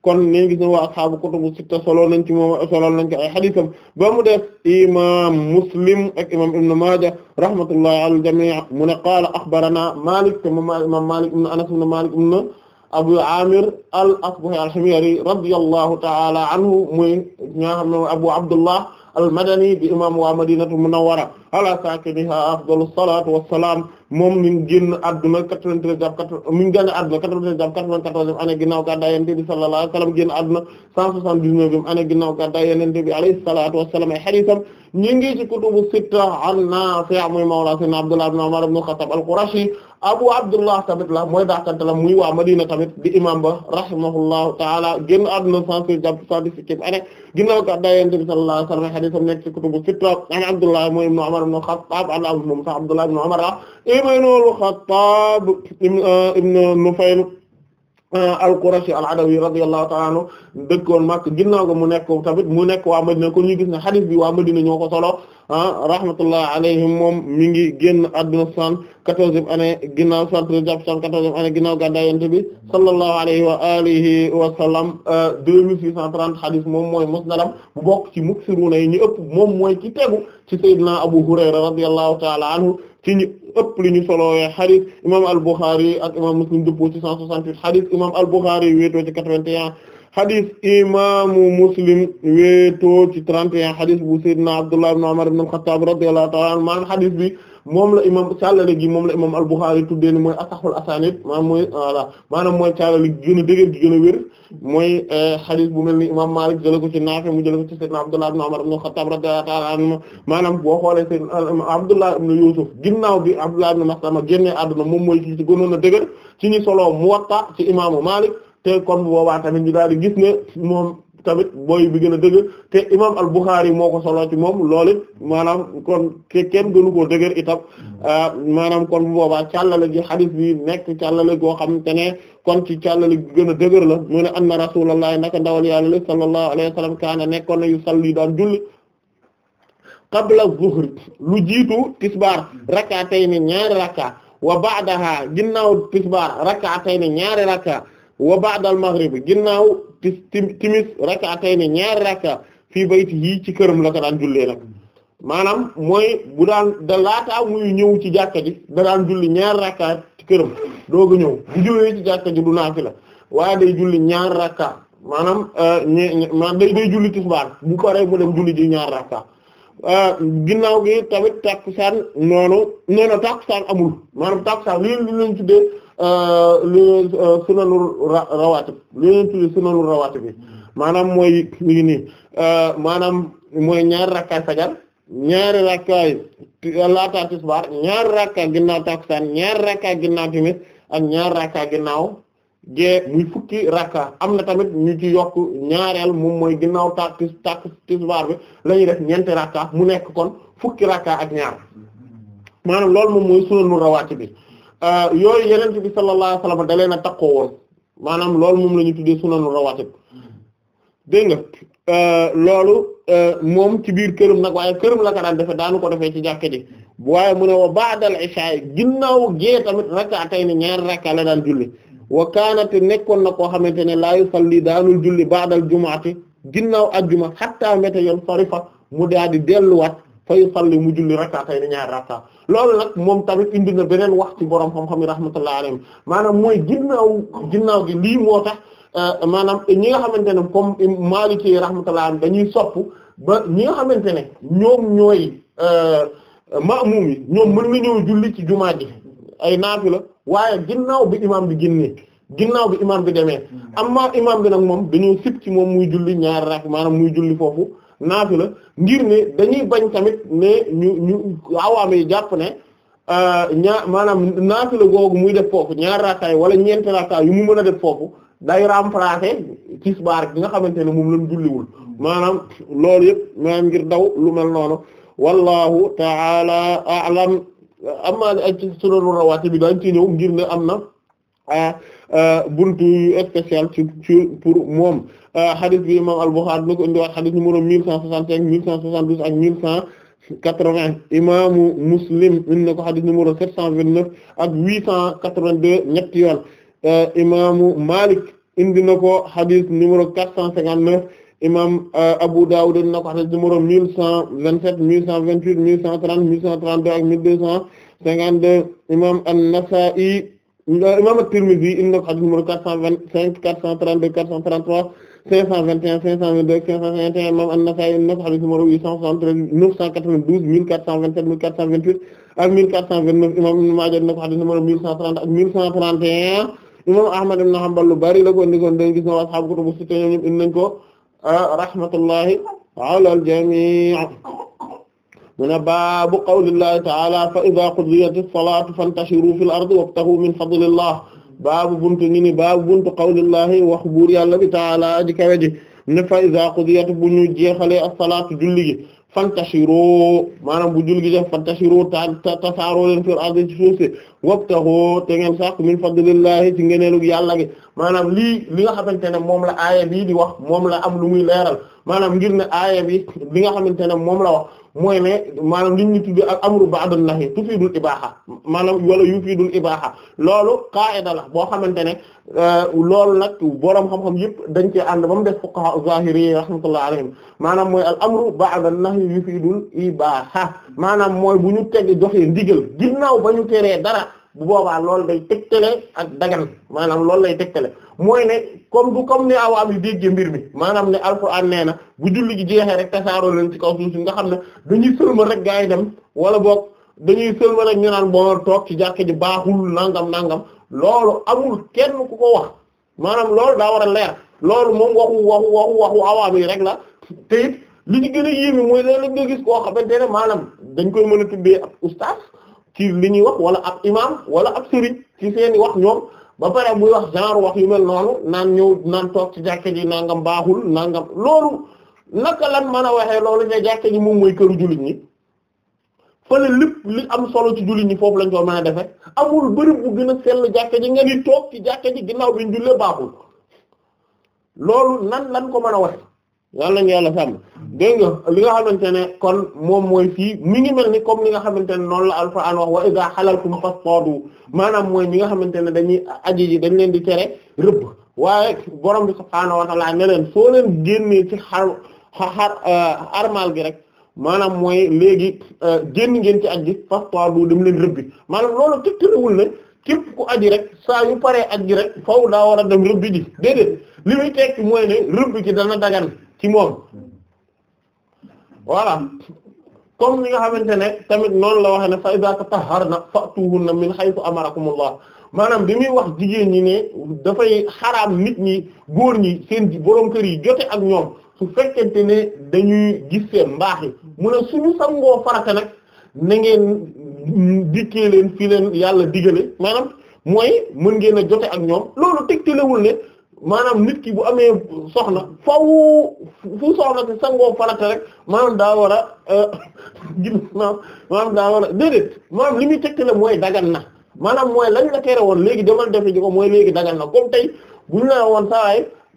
kon ni ngi ñu waa ashaabu kutubu sitta solo nañ ci moom solo nañ ko ay xadiisam ba mu def imaam muslim ak imaam ibnu maaja rahmatullahi ala al-jamii' mu ne qaala axbarana maalik te moom imaam maalik ibnu anas ibnu maalik ibnu abu amir al asbahi al-himyari radiyallahu ta'ala anhu muy ñaa xam ne abu abdullah al bi imam waa Madinatu Munawwara ala sakiniha afdalu salaatu wa salaam moom mi ngi génn adduna adduna 93 jàpp 94 année ginnaaw gàddaay Yonent bi sallallahu alayhi wa sallam génn adduna 179 année ginnaaw gàddaay Yonent bi alayhi salaatu wa salaam ay hadiisam ñu ngi ci kutubu sitta an Naafi' muy mawla sayyidina Abdullah ibn Umar al-Qurashi abu abdullah tamit la mooy daakante la muy waa madina tamit di imam ba rahimahullahu taala génn àdduna cent six jàpp cent dix-septième année ginnaaw gàddaay Yonent bi sallallahu alayhi wa sallam hadith am nekk ci kutubu sitta an abdullah mooy ibn umar ibn khattab an abdullah ibn umar ibn umar ibn al-khattab ibn nufayl Euh, al-Qurashi al-Adawi radiyallahu ta'ala anhu dëkkoon Makka ginnaaw ga mu nekk tamit mu nekk waa Madina ko ñu gis ne hadith bi waa Madina ñoo ko solo rahmatullahi alayhim moom mi ngi génn àdduna cent quatorzième année ginnaaw cent jàpp cent quatorzième année ginnaaw gàddaay Yonent bi sallallahu alayhi wa alihi wa sallam euh, deux mille six cent trente hadith moom mooy musnadam bu bokk ci muksiruna yi ñu ëpp moom mooy ci tegu ci Seydina Abu Hurayra radiyallahu ta'ala anhu ci ñu ëpp li ñu solowee xadis imam al-Bukhari ak imam Muslim dëppoo ci 168 xadis imam al-Bukhari wéetoo ci 81 xadis imaamu Muslim wéetoo ci 31 xadis bu Seydina Abdullah ibn Umar ibn al-Khattab radiyallahu ta'ala anhu maanaam bi moom la imam càllale gi moom la imam al-Bukhari tuddee ni mooy asaxul asanid maanaam mooy mooy càllale gi gën a dëgër gi gën wér mooy eh, xadis bu mel ni imam Malik jële ko ci Naafi mu jële ko ci sayyidina Abdullah ibn Umar ibn al-Khattab radiyallahu ta'ala anhu maanaam boo xoolee seen eh, Abdullah ibn Yusuf ginnaaw bi Abdullah moom mooy ci ci gënoon a dëgër ci ñu solo Muwatta ci imaamu Malik te kon boobaa tamit ñu daal di gis ne moom tamit mooy bi gën a dëgër te imam al-Bukhari moo ko solo ci moom loolu maanaam kon kenn gënu koo dëgër itam mm. euh, maanaam kon boobaa càllale gi xadis bi nekk càllale goo xam te ne kon ci càllale gi gën a dëgër la mu ne anna rasulullah naka ndawal yàlla sallallahu alayhi wa sallam kaana nekkoon na yu salli daan julli qabla zuhri lu jiitu tisbaar rak'atayni ñaari rakka wa ba'daha ginnaaw tisbaar rak'atayni ñaari rakka wa ba'da al-maghrib ginnaaw tis timis rakatay ne ñaari raka fii bayti yii ci këram la ko daan jullee nag maanaam mooy bu daan da laataa muy ñëw ci jàkka ji da daan julli ñaar rakka ci këram dooga ñëw bu jullee ci jàkka ji du naafi la waa day julli ñaar rakka maanaam euh, ñe day day julli tisbaar bu paree mu dem julli ji ñaari rakka euh, ginnaaw gi tamit takkusaan noonu nee na takkusaan amul maanaam takkusaan lii li leen tuddee Euh, li ñuy euh, sunanul li ñuy bi maanaam mooy li nii euh, maanaam mooy ñaari rakkaay fajar ñaari rakkaay laata tisbaar ñaari rakkaay ginnaaw takusaan ñaari rakkaay ginnaaw timis ak ñaari rakkaay ginnaaw gee muy fukki rakka am na tamit ñu ci yokk ñaareel moom mooy ginnaaw takus takus tisbaar bi la ñuy def ñeenti rakka mu nekk kon fukki rakka ak ñaar maanaam loolu moom mooy sunanul rawaatib bi. Euh, yooyu yeneen bi sallallahu alayhi wasallam da leen a takkoo woon maanaam loolu moom la ñu tuddee sunanu rawatib dégg nga euh, loolu euh, moom ci biir këram nag waaye këram la ko daan defee daanu ko defee ci jàkka waaye mu ne wa ba'dal isha ginnaaw gee tamit rak'atayn ñaari rakka la daan julli wa kaanate nekkoon na koo xamante ne laa yusalli daanul julli baadal jumu'ati ginnaaw ajjuma hatta meta yoon sarifa mu daal di delluwaat fa yusalli mu julli rakkaatay ni ñaari rakkaat loolu nag moom tamit indi na beneen wax ci borom xam-xam yi rahmatullahi alayhim maanaam mooy ginnaaw ginnaaw gi lii moo tax euh, maanaam ñi nga xamante ne comme Maliki yi rahmatullahi alayhim dañuy sopp ba ñi nga xamante ne ñoom ñooy euh, maamum yi ñoom mën ñëw julli ci jumaat gi ay naafila waaye ginnaaw bi imaam bi génnee ginnaaw bi imaam bi demee hmm. amma imaam bi nag moom dañoo sib ci moom muy julli ñaari rakk maanaam muy julli foofu naafila ngir ne dañuy bañ tamit ne ñu ñu awaame yi jàpp ne euh, ñaa maanaam naafila googu muy def foofu ñaar raakaay wala ñeenti raakaay yu mu mën a def foofu day remplacer tisbaar ki nga xamante ne moom lañ julliwul maanaam loolu yëpp maanaam ngir daw lu mel noonu wallahu ta'ala a'lam amma ci sunanu rawaati bi dañ ci ñëw ngir ne am na a spécial ci ci pour moom hadith bi imam al-Bukhari na ko indiwaat hadith numéro mille cent soixante-cinq mille cent soixante-douze ak mille cent quatre-vingts imaamu Muslim in ko hadith numéro sept cent vingt-neuf ak huit cent quatre-vingt-deux ñetti yoon imaamu Malik indi na ko hadith numéro quatre cent cinquante-neuf imam Abu Dawud indi na ko hadith numéro mille cent vingt-sept mille cent vingt-huit mille cent trente mille cent trente-deux ak mille deux cent cinquante-deux imam imam at-Tirmidhi indi na ko xadis numéro 425 432 433 521 522 551 imam an-Nasa'i indi na ko xadis numéro 873 992 1427 1428 ak 1429 imam Ibn Maaja indi na ko xadis numéro 1130 ak 1131 imam Ahmad ibn Hanbal lu bari la ko indi kon dañu gis na ashaabu kutubu sitta ñoom ñëpp indi nañu ko ah, rahmatullahi ala jami mu ne baabu qawlillahi taala fa ida qudiyati salaatu fantashiru fil ardi wabtahu min fadlillah baabu buntu ngi ni baabu buntu qawlillahi wax buur yàlla bi taala aji kawe ji ne fa ida qudiyati bu ñu jeexalee as-salaatu julli gi fantashiru maanaam bu julli gi def fantashiru ta tasaaroo leen fil ardi ci suuf si wabtahu te ngeen sàkk min fadlillahi ci ngeneelu yàlla gi maanaam lii linga nga xamante ne moom la aaya bii di wax moom la am lu muy leeral maanaam ngir ne aaya bi li nga xamante ne moom la wax mooy ne maanaam li ñu tudde ak amru ba'da nahi tufidul ibaha maanaam wala yufidul ibaha loolu qaa'ida la boo xamante ne euh, loolu nag boroom xam-xam yëpp dañ cee ànd ba mu def fuqaha zahiri rahmatullahi alayhim maanaam mooy al amru ba'da nahi yufidul ibaha maanaam mooy bu ñu teg joxee ndigal ginnaaw ba ñu teree dara bu boobaa loolu day tegtale ak dagan maanaam loolu lay tegtale mooy ne comme du comme ni awaam yi déggee mbir mi maanaam ne alxuraan nee na bu julli gi jeexee rek tasaaroo leen ci kaw suuf si nga xam ne dañuy sëlmal rek gaa yi dem wala boog dañuy sëlmal a ñu naan bon toog ci jàkka ji baaxul nangam nangam loolu amul kenn ku ko wax maanaam loolu daa war a leer loolu moom waxu waxu waxu awaam yi rek la te li ñu gën a yéeme mooy léeg-léeg nga gis koo xamante ne maanaam dañ koy mën a tuddee ab ustaas ci li ñuy wax wala ab imam wala ab sëriñ ci seeni wax ñoom ba pare muy wax genre wax yu mel noonu naan ñëw naan toog ci jàkka ji nangam baaxul nangam loolu naka lan mën a waxee loolu ne jàkka ji moom mooy këru jullit ñi fële lépp li am solo ci jullit ñi lañ ko mën a defee amul gën a sell jàkka ji nga ni toog ci jàkka ji ginnaaw bi ñu baaxul loolu nan lan ko mën a waxe yàlla ñu yàlla sàmm dégg nga li nga xamante ne kon moom mooy fii mi ngi mel ni comme li nga xamante ne noonu la alquran wax wa iza halaltum fasadu maanaam mooy ñi nga xamante ne dañuy aji ji dañ leen di tere rëbb waaye borom bi subhaanahu wa ta'ala ne leen soo leen génnee ci xar xar euh, armal gi rek maanaam mooy léegi euh, génn ngeen ci aji fasadu dem leen rëbbi maanaam loolu tëkkërawul ne képp ku aji rek saa yu paree aji rek faaw daa war a dem rëbbi ji déedéet li muy tekki mooy ne rëbb ci dana dagan ci moom voilà comme ni nga xamante ne tamit noonu la waxee ne fa iza tatahharna fa'tuhunna min haythu amarakumullah maanaam bi muy wax jigéen ñi ne dafay xaraam nit ñi góor ñi seen boroom kër yi jote ak ñoom su fekkente ne dañuy gis seen mbaax yi mu ne suñu sangoo farata nag na ngeen dikkee leen fi leen yàlla digale maanaam mooy mën ngeen a jote ak ñoom loolu tegtalewul ne maanaam nit ki bu amee soxna faw fu soxna si sangoo farata rek maanaam daa war a euh, gin maanaam maanaam daa war a déedéet maanaam li muy tegtale mooy dagan na maanaam mooy lañ la tere woon léegi demal defe ji ko mooy léegi dagan na comme tey bu ñu la woon saa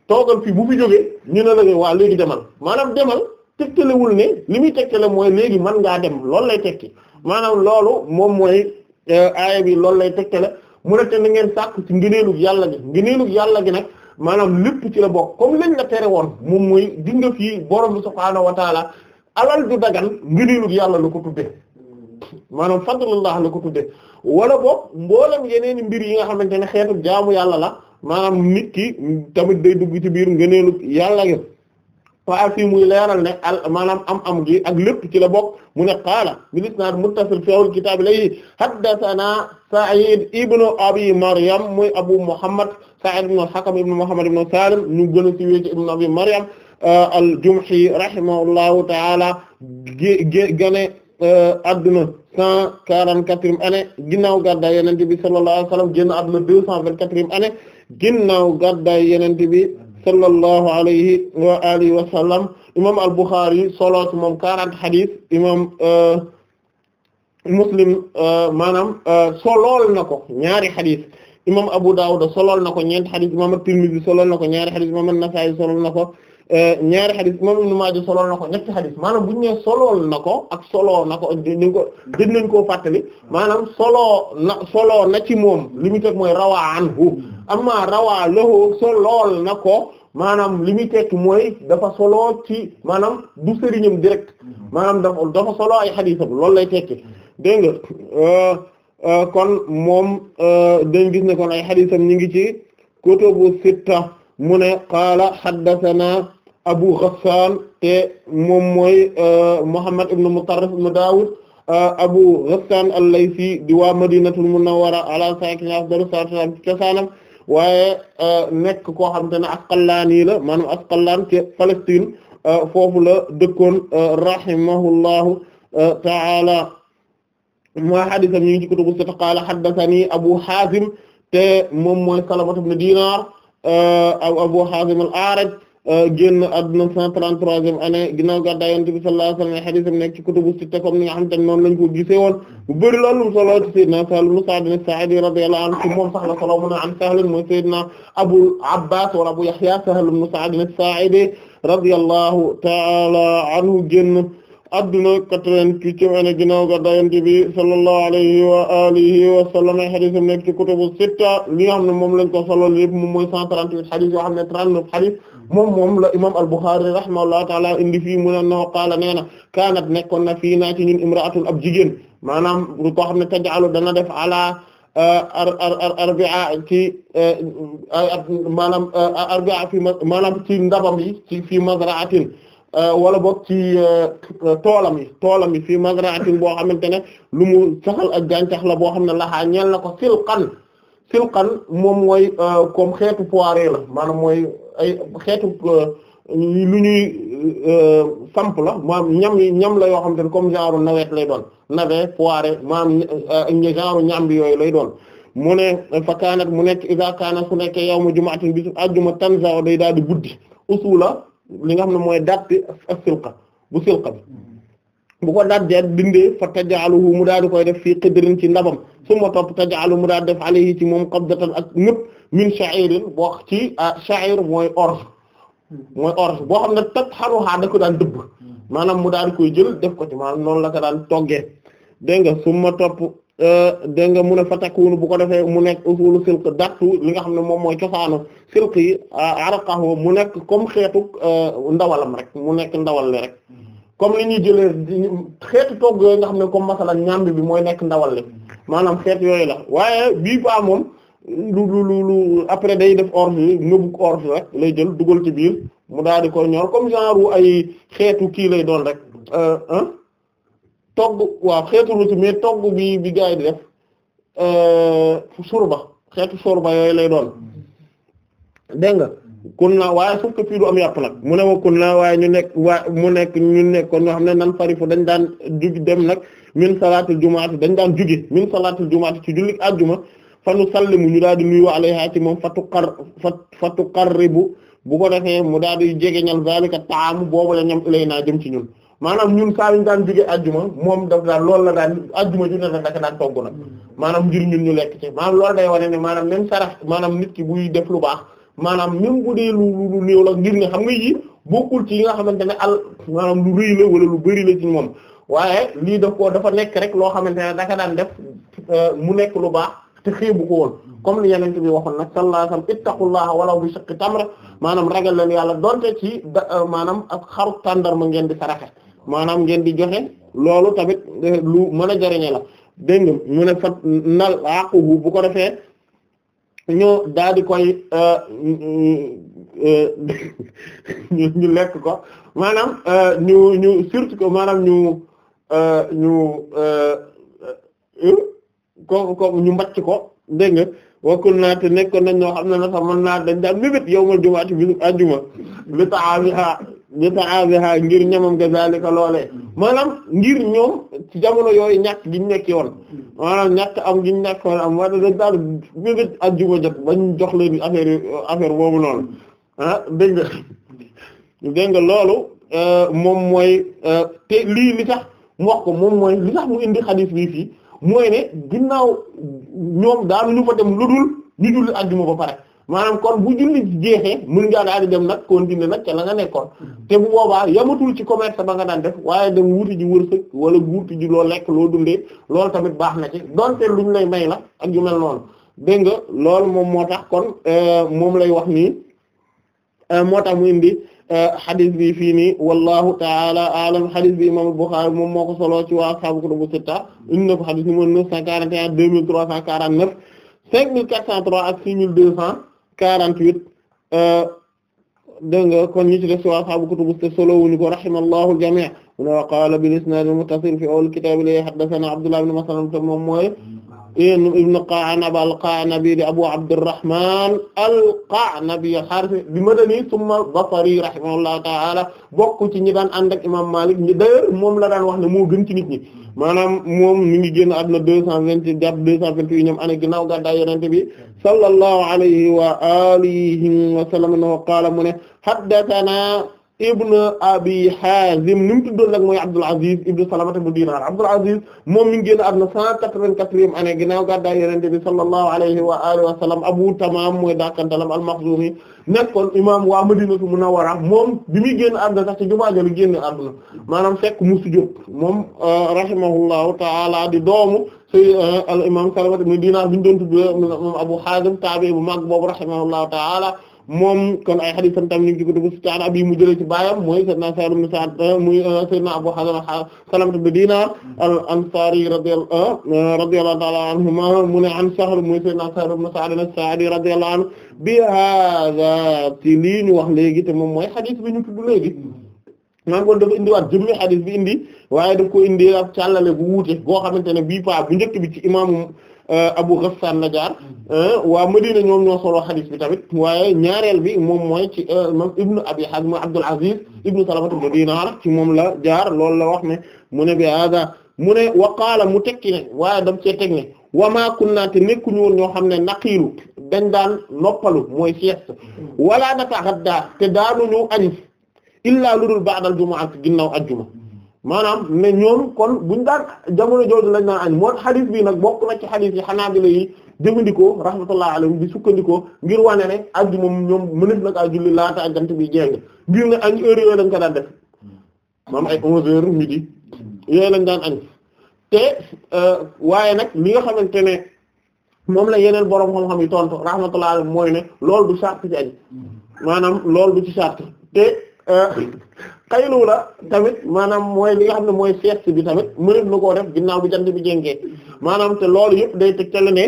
toogal fi bu fi jógee ñu ne la waa léegi demal maanaam demal tegtalewul ne li muy tegtale mooy léegi man ngaa dem loolu lay tekki maanaam loolu moom mooy euh, aaya bi loolu lay tegtale mu ne te na ngeen sàkk ci ngëneelug yàlla gi ngëneelug yàlla gi nag maanaam lépp ci la bokk comme lañ la tere woon moom mooy dinga fii borom bi subhaanahu wa taala alal du dagan ngëneelu yàlla la ko tuddee maanaam fadlullah la ko tuddee wala boog mboolem yeneen mbir yi nga xamante ne xeetu jaamu yàlla la maanaam nit ki tamit day dugg ci biir ngëneelu yàlla gi waaye fii muy leeral ne al maanaam am am gi ak lépp ci la bokk mu ne qaala bil isnaad muttasil fi awwal kitaab lay haddathana Sa'id ibnu abi Maryam muy abu Muhammad Sa'id ibn al-Hakam ibn Muhammad ibn Salim ñu gën a siiwee ci ibn Abi Maryam euh, al-Jumahi rahimahullahu ta'ala gane adduna euh, cent quarante-quatrième année ginnaaw gàddaay yenente bi sallallahu alayhi wa sallam génn adduna deux cent vingt-quatrième année ginnaaw gàddaay yenente bi sallallahu alayhi wa alihi wa sallam imam al-Bukhari solo ci moom quarante hadith imam euh, Muslim maanaam solool na ko ñaari hadith imam Abu Dawud solol na ko ñeenti xadis imam At-Tirmidhi solol na ko ñaari xadis imam An-Nasa'i solol na ko e, ñaari xadis imam Ibn Maaja solol na ko ñetti xadis maanaam bu ñu nee solol na ko ak soloo na ko ñu ko gën nañ koo fàttali maanaam soloo na soloo na ci moom li mu teg mooy rawaa anhu amma rawaa lahu solol na ko maanaam li muy tekki mooy dafa soloo ci maanaam du sëriñam direct maanaam dafa dafa soloo ay xadisam loolu lay tekki dégg e, Euh, kon moom euh, dañ gis ne kon ay xadisam ñi ngi ci kutubu sitta mu ne qaala haddathana Abu Ghassan te moom mooy euh, Muhammad ibn Mutarrif ibn Dawud Abu Ghassan al-Laysi di waa Madinatul Munawwara ala saakinihaa afdalu salaatu wa salaam ci waaye nekk koo xamante ne Asqalaani la maanaam Asqalaan ci Palestine foofu la dëkkoon rahimahullahu ta'ala mooy xadisam ñu ngi ci kutubu sitta qaala haddathani Abu Hazim te moom mooy Salamatu ibn Dinar euh, Abu Hazim al-A'raj euh, génn àdduna 133e année ginnaaw gàddaay Yonent bi sallallahu alayhi wa sallam xadisam nekk ci kutubu sitta comme ni nga xam te noonu lañ ko gisee woon bu bëri loolu solo ci Sayyidina Sahl ibn Sa'd as-Sa'idi radiyallahu anhu ci moom sax la solo mu ne an Sahl mooy Sayyidina Abu Abbas wala Abu Yahya Sahl ibn Sa'd as-Sa'idi radiyallahu ta'ala anhu génn adduna quatre-vingt-huitième année ginnaaw gàddaay Yonent bi sallallahu alayhi wa alihi wa sallam ay xadis am nekk ci kutubu sitta li nga xam ne moom lañ ko solo lépp moom mooy cent trente-huit xadis yoo xam ne trente-neuf xadis moom moom la imam al-Bukhari rahimahullahu ta'ala indi fii mu ne no qaala nee na kaanat nekkoon na fii naa ci ñun imra'atun ab jigéen maanaam lu ko xam ne taj'alu dana def ala euh, ar ar arbia ci euh, maanaam euh, arbia fi maanaam ci ndabam yi ci fii mazra'atin Euh, wala boog ci euh, toolam yi toolam yi fii mazra'atin boo xamante ne lu mu saxal a gàncax la boo xam ne laxaa ñeel na ko silqan silqan moom mooy euh, comme xeetu poire la maanaam mooy ay xeetu lu ñuy samp la maanaam ñam yi ñam la yoo xamante ne comme genre nawet lay doon nawet poire maanaam genre ñam bi yooyu lay doon mu ne fa kaanat mu nekk iza kaana su nekkee yawmu jumu'atin bisu àjjuma tanza'u day daal di buddi usula li nga xam ne mooy datt ak silqa bu silqa bi bu ko daatjat dindee fa tajaaluhu mu daal di koy def fii qidrin ci ndabam suma topp tajaalu mu daal di def alayhi ci moom qabdatan ak ñëpp min sha'irin boo ci ah, sha'ir mooy orge mooy orge boo xam ne toj xaruxaa da ko daan dëbb maanaam mu daal di koy jël def ko ci maanaam noonu la ko daan toggee dégg suma topp Euh, dégg nga mun a fatakunu bu ko defee mu nekk usulu silk dattu li nga xam ne moom mooy cosaanu silk yi araqahu mu nekk comme xeetu euh, ndawalam rek mu nekk ndawal li rek comme li ñuy jëlee xeetu togg yooyu nga xam ne comme masalan ñambi bi mooy nekk ndawal le maanaam xeet yooyu la waaye bii ba moom lu lu lu après day def orge yi nëbug orge rek lay jël dugal ci biir mu daal di koy ñor comme genre wu ay xeetu kii lay doon rek euh, togg waaw xeetu ruusi mais togg bi bi gaa yi di def euh, surba xeetu surba yooyu lay doon dégg nga kun naa waaye suuf que fii du am yàpp nag mu ne ma kun naa waaye ñu nekk waa mu nekk ñu nekk kon ñoo xam ne nan farifu dañ daan jug dem nag min salaatul jumaati dañ daan juge min salaatul jumaati ci jullit àjjuma fanu sallimu ñu daal di nuyu alayha ci moom fattu xar fat fatu xarribu bu ko defee mu daal di jege jegeñal zalika taamu boobu la ñam ilay naa jëm ci ñun maanaam ñun saa ñu daan jóge ajjuma moom daf daan loolu la daan ajjuma ju ne la daka daan togg nag maanaam ngir ñun ñu lekk ci maanaam loolu ne maanaam même sarax maanaam nit ki buy def lu baax maanaam même bu dee lu la ngir ne xam nga yi bokkul ci yi nga xamante ne al maanaam lu bari la ci moom waaye lii daf ko dafa nekk rek loo xamante ne daka daan def euh, mu nekk lu baax te xeebu ko woon comme li yeneen bi waxoon nag sallallahu alayhi wasallam ittaqullaha walaw bi shaqqi tamra maanaam ragal leen yàlla donte ci euh, maanaam ak xaru tàndarma ngeen di saraxe maanaam ngeen di joxe loolu tamit lu mën a jariñe la dégg nga mu ne fat nal àquhu bu ko defee ñu daal di koy euh, euh, ñu lekk ko maanaam euh, ñu ñu surtout que maanaam ñu ñu ko ko ñu mbàcc ko dégg nga wakkul naa te nekkoon nañ ñoo xam ne na sax naa dañ daan mébét yow ma jumaati bisu àjjuma li taxaw li ta'aziha ngir ñamam ga zalika loolee maanaam ngir ñoom ci jamono yooyu ñàkk giñ nekk yoon maanaam ñàkk am giñ nekk woon am wala dañ daal bëgg ajjuma jot bañ jox leen affaire affaire boobu noonu ah dégg nga nga loolu euh, moom mooy euh, te lii li tax mu wax ko moom mooy lii tax mu indi xadiis bi fii mooy ne ginnaaw ñoom daal ñu fa dem lu dul ñu julli ajjuma ba pare maanaam kon bu julli jeexee mën ngaa daal di dem nag continuer nag ca la nga nekkoon mm-hmm. te bu boobaa yamatul ci commerce ba nga daan def waaye dem wuti ji wërsëg wala wuti ji loo lekk loo dundee loolu tamit baax na ci donte luñ lay may la ak yu mel noonu dégg nga loolu moom moo tax kon euh, moom lay wax nii euh, moo tax mu indi euh, xadis bi fii nii wallahu taala alam xadis bi imam Bukhari moom moo ko solo ci waa ashaabu kutubu sitta indi na ko xadis numéro 941 2349 5403 ak 6200 48 euh, dégg nga kon ñi ci def ci waa ashaabu kutubu solowuñu ko rahimallahu al-jamii' wa qaala bil-isnaad al-muttasil fi awwal kitaab li haddathanaa Abdullah ibn te moom mooy ibn Qa'nab al-Qa'nabi di Abu Abdurrahman al-Qa'nabi al-Haarisi di Madani thumma Basri rahimahullahu ta'ala bokk ci ñi daan ànd ak moom la daan wax ne moo gën ci nit ñi maanaam moom mi ngi génn àdduna deux cent vingt jàpp deux cent vingt huit ñoom année ginnaaw gàddaay yonent bi sallallahu alayhi wa alihi wa sallam qaala mu ne haddathana ibn abi hazim ni mu tuddoon nag mooy abdul aziz ibn salamata ibn dinar abdul aziz moom mi ngi génn àdduna cent quatre-vingt-quatrième année ginnaaw gàddaay yonent bi sallallahu alayhi wa alihi wa sallam abu tamam mooy daakantalam imam waa madinatu munawwara moom bi muy génn àdduna sax ci jumaa ja la génn àdduna maanaam fekk mu sujjóot moom euh, rahimahullahu ta'ala di doomu sey euh, al imam salamata ibn dinar bi ñu doon tudd abu hazim tabi'i bu mag boobu rahimahullahu ta'ala moom kon ay xadis tam ñu ngi ci kutubu sitta abi mu jëlee ci baayam mooy sayyidina Sahl ibn Sa'd muy euh, sayyidina Abu Hazan Salama ibn Dinar al-Ansari radiyallahu ta'ala anhuma mu an Sahl muy sayyidina Sahl ibn Sa'd as-Sa'di radiyallahu anhu bi hada ci lii wax léegi te moom mooy xadis bi ñu tudd léegi maa ngi dafa indiwaat jëmmi xadis bi indi waaye daf ko indi ak càllale bu wuute boo xamante ne bii paa bu njëkk bi ci imaamu Euh, Abu Ghassan la jaar euh, waa Madina ñoom ñoo solo xadis bi tamit waaye ñaareel bi moom mooy ci euh, moom Ibn Abi Hazm Abdul Aziz Ibn Salamah ibn Dinar ci moom la jaar loolu la wax ne mu ne bi hada mu ne waqaala mu tekki ne waaye dam cee teg ne wamaa kunna te nekkuñu woon ñoo xam ne naqiilu dañ daan noppalu mooy sieste wala nataxaddaa te daanuñu añ illaa lu dul ba'dal jumu'ati ginnaaw ajjuma maanaam ne ñoom kon buñ daan jamono jooju lañ naan añ moo xadis bii nag bokk na ci xadis yi xanaabila yi jëfandikoo rahmatullah alayhim bi sukkandikoo ngir wane ne ajju moom ñoom mënef nag a julli laata ak jant bi jeng ngir añ heure daan def maam ay onze heures midi lañ daan añ euh, waaye nag li nga xamante ne moom la yeneen borom xam-xam yi tontu rahmatullah alayhim mooy ne loolu du sart ci añ maanaam loolu du ci sart te euh, xaylula tamit maanaam mooy li nga xam ne mooy seet si bi tamit mëneb na koo def ginnaaw bi jant bi jéngee maanaam te loolu yëpp day tegtale ne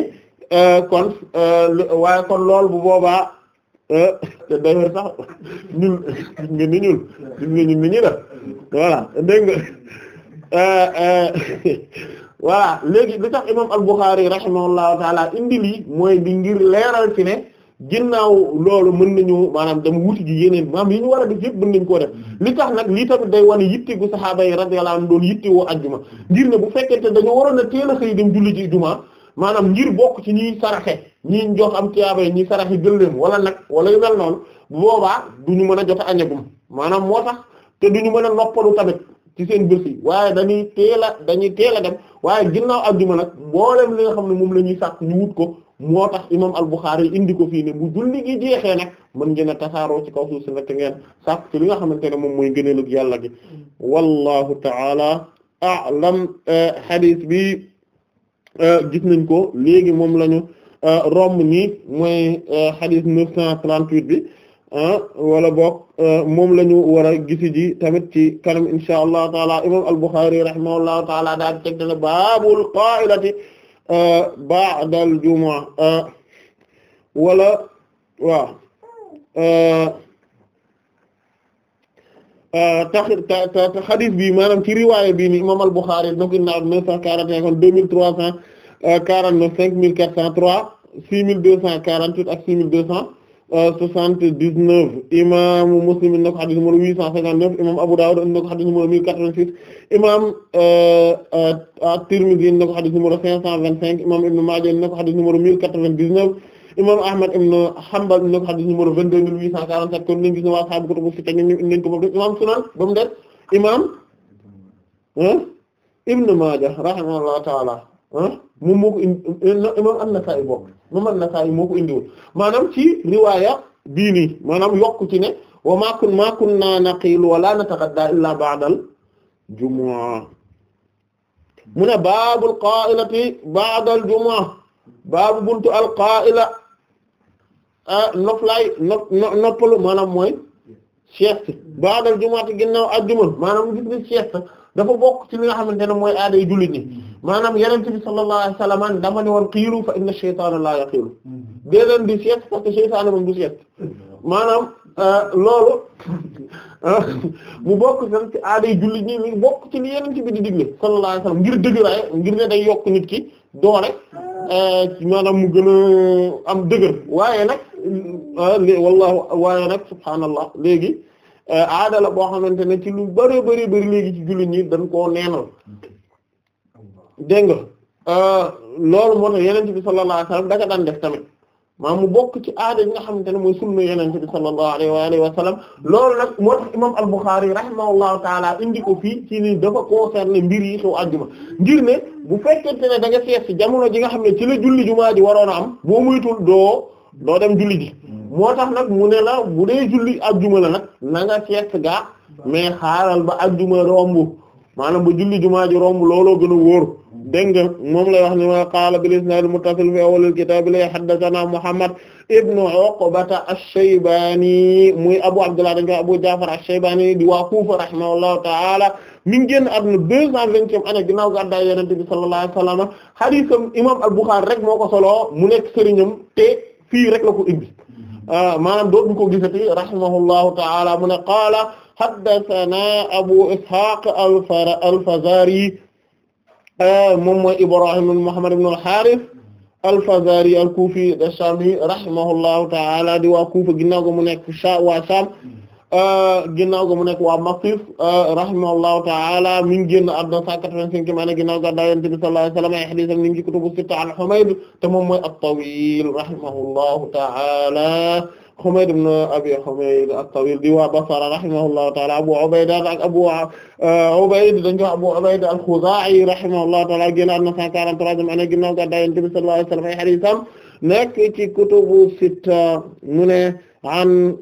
euh, kon euh, waaye kon loolu bu boobaa euh, te dayoor sax ñun nga ni ñun gis nga ñun ni ñu la voilà dégg nga voilà léegi li tax imam al-Bukhari rahimahullahu taala indi lii mooy bi ngir leeral ci ne ginnaaw loolu mën nañu maanaam dem wuti ji yeneen maanaam yi ñu war a def yëpp mën nañu koo def li tax nag lii tamit day wane yitte gu saxaaba yi radiyallahu anhum doon yitte woo ajjuma ngir ne bu fekkente dañoo waroon a teel a xëy dem julli ci juma maanaam ngir bokk ci ñiy saraxe ñi jox am tiyaaba yi ñi saraxe gëléem wala nag wala yu mel boobaa du ñu mën a jot a añagum maanaam moo tax te du ñu mën a noppalu tamit ci seen bés yi waaye dañuy teel dañuy teel a dem waaye ginnaaw ajjuma nag mboolem li xam ne moom la ñuy sàkk ñu wut ko moo tax imam al-Bukhari indi ko fii ne bu julli gi jeexee nag mën ngeen tasaaroo ci kaw suuf si nag ngeen sàkk ci li xamante ne moom mooy gëneelu yàlla gi wallahu ta'ala a'lam eh, hadith bi eh, gis nañ ko léegi moom lañu eh, romb nii mooy hadith 938 bi wala boog moom lañu war a gisi ji tamit ci kanam insha allah taala imam al-Bukhari rahimahullahu taala daal teg na baabul qaa'ilati ba'dal jumaa wala waaw taxit ta ta xadis bi maanaam ci riwaaya bi ni imaam al-Bukhari donc il naa neuf cent quarante et un kon deux mille trois cent euh, quarante neuf cinq mille quatre cent trois six mille deux cent quarante ak six mille deux cent 79 imaamu Muslim inna ko xadis numéro 859 imaamu Abu Dawud inna ko xadis numéro 1086 imaamu euh, euh, At-Tirmidhi inna ko xadis numéro 525 imaamu Ibn Maaja inna ko xadis numéro 1099 imaamu Ahmad ibn Hanbal inna ko xadis numéro 22847 kon nañu gis ne waa sahaabu kutubu sitta ñu nañu ko boobu imaamu Sunan ba mu def imaam Ibn Maaja rahimahullahu ta'ala moom moo ko indi eh, imam an-Nasa'i bokk imam an-Nasa'i moo ko indiwul maanaam ci riwaaya bii nii maanaam yokk ci ne wa ma kun ma kunna naqilu wala nataqadda illa ba'dal jumu'a mu ne baabul qaa'ilati ba'dal jumu'a baabu buntu al qaa'ila ah, noflaay noppalu maanaam mooy sieste ba'dal jumu'ati ginnaaw ajjuma maanaam gis ni sieste dafa bokk ci li nga xamante ne mooy aaday jullit ñi maanaam yonent bi sallallahu alayhi wasallam dama ne woon xiiru fa inna shaytaana laa yaxiiru dee leen di seet parce que seytaane moom du maanaam euh, loolu mu bokk ci aaday jullit mu bokk ci li yonent bi di digle sallallahu alayhi wasallam ngir ne day yokk nit ki doole euh, maanaam mu am dëgër waaye nag euh, wallahu subhaanallah léegi Euh, aada la boo xamante ne ci lu bare bëri bëri léegi ci jullit ñi dañ koo neenal dégg nga euh, loolu moo tax yenente bi sallallahu alayhi wa def tamit maa mu bokk ci aada yi nga xamante ne mooy sunna yenente bi sallallahu alayhi wa alihi wa sallam loolu nag moo tax imam al-Bukhari rahimahullahu taala indi ko fii ci ni dafa concerné mbir yi xew àjjuma ngir ne bu fekkente ne da nga seet ci jamono ji nga xam ne ci la julli jumaa ji waroona am boo muytul doo doo dem julli ji moo tax nag mu ne la bu dee julli ajjuma la nag na nga seet gaa mais xaaral ba ajjuma romb maanaam ba julli jumaa ji romb looloo gën a wóor dégg nga moom lay wax ni ma qaala bil isnaad muttasil fi awwalil kitaab li haddathana Muhammad ibnu Uqbata ash-Shaybani muy Abu Abdullah dañ koy Abu Ja'far ash-Shaybani di waa Kufa rahimahullahu ta'ala mi ngi génn àdduna deux cent vingtième année ginnaaw gàddaay Yonent bi sallallahu alayhi wa sallam hadiisam imaam al-Bukhari rek moo ko solo mu nekk sëriñam te fii rek la ko indi. Ah, maanaam dootuñu ko gisati rahimahullahu ta'ala mu ne qaala haddathana Abu Ishaq al-Fazari ah, moom mooy Ibrahim ibn Muhammad ibn al-Harith al-Fazari al-Kufi ash-Shami rahimahullahu ta'ala di waa Kufa ginnaaw ga mu nekk waa Sham Euh, ginnaaw ga mu nekk waa Masif euh, rahimahullahu ta'ala mi ngi génn àdduna 185 maanaam ginnaaw ga Yonent bi sallallahu alayhi wa sallam ay hadiis am ñu ngi ci kutubu sitta an Humayd te moom mooy at-Tawil rahimahullahu ta'ala Humayd ibn Abi Humayd at-Tawil di waa Basra rahimahullahu ta'ala Abu Ubayda ak Abu euh, Ubayd dañu ko Abu Ubayda al-Khuzaa'i rahimahullahu ta'ala génn àdduna 143 maanaam ginnaaw ga Yonent bi sallallahu alayhi wa sallam ay hadiis am nekk ci kutubu sitta mu ne an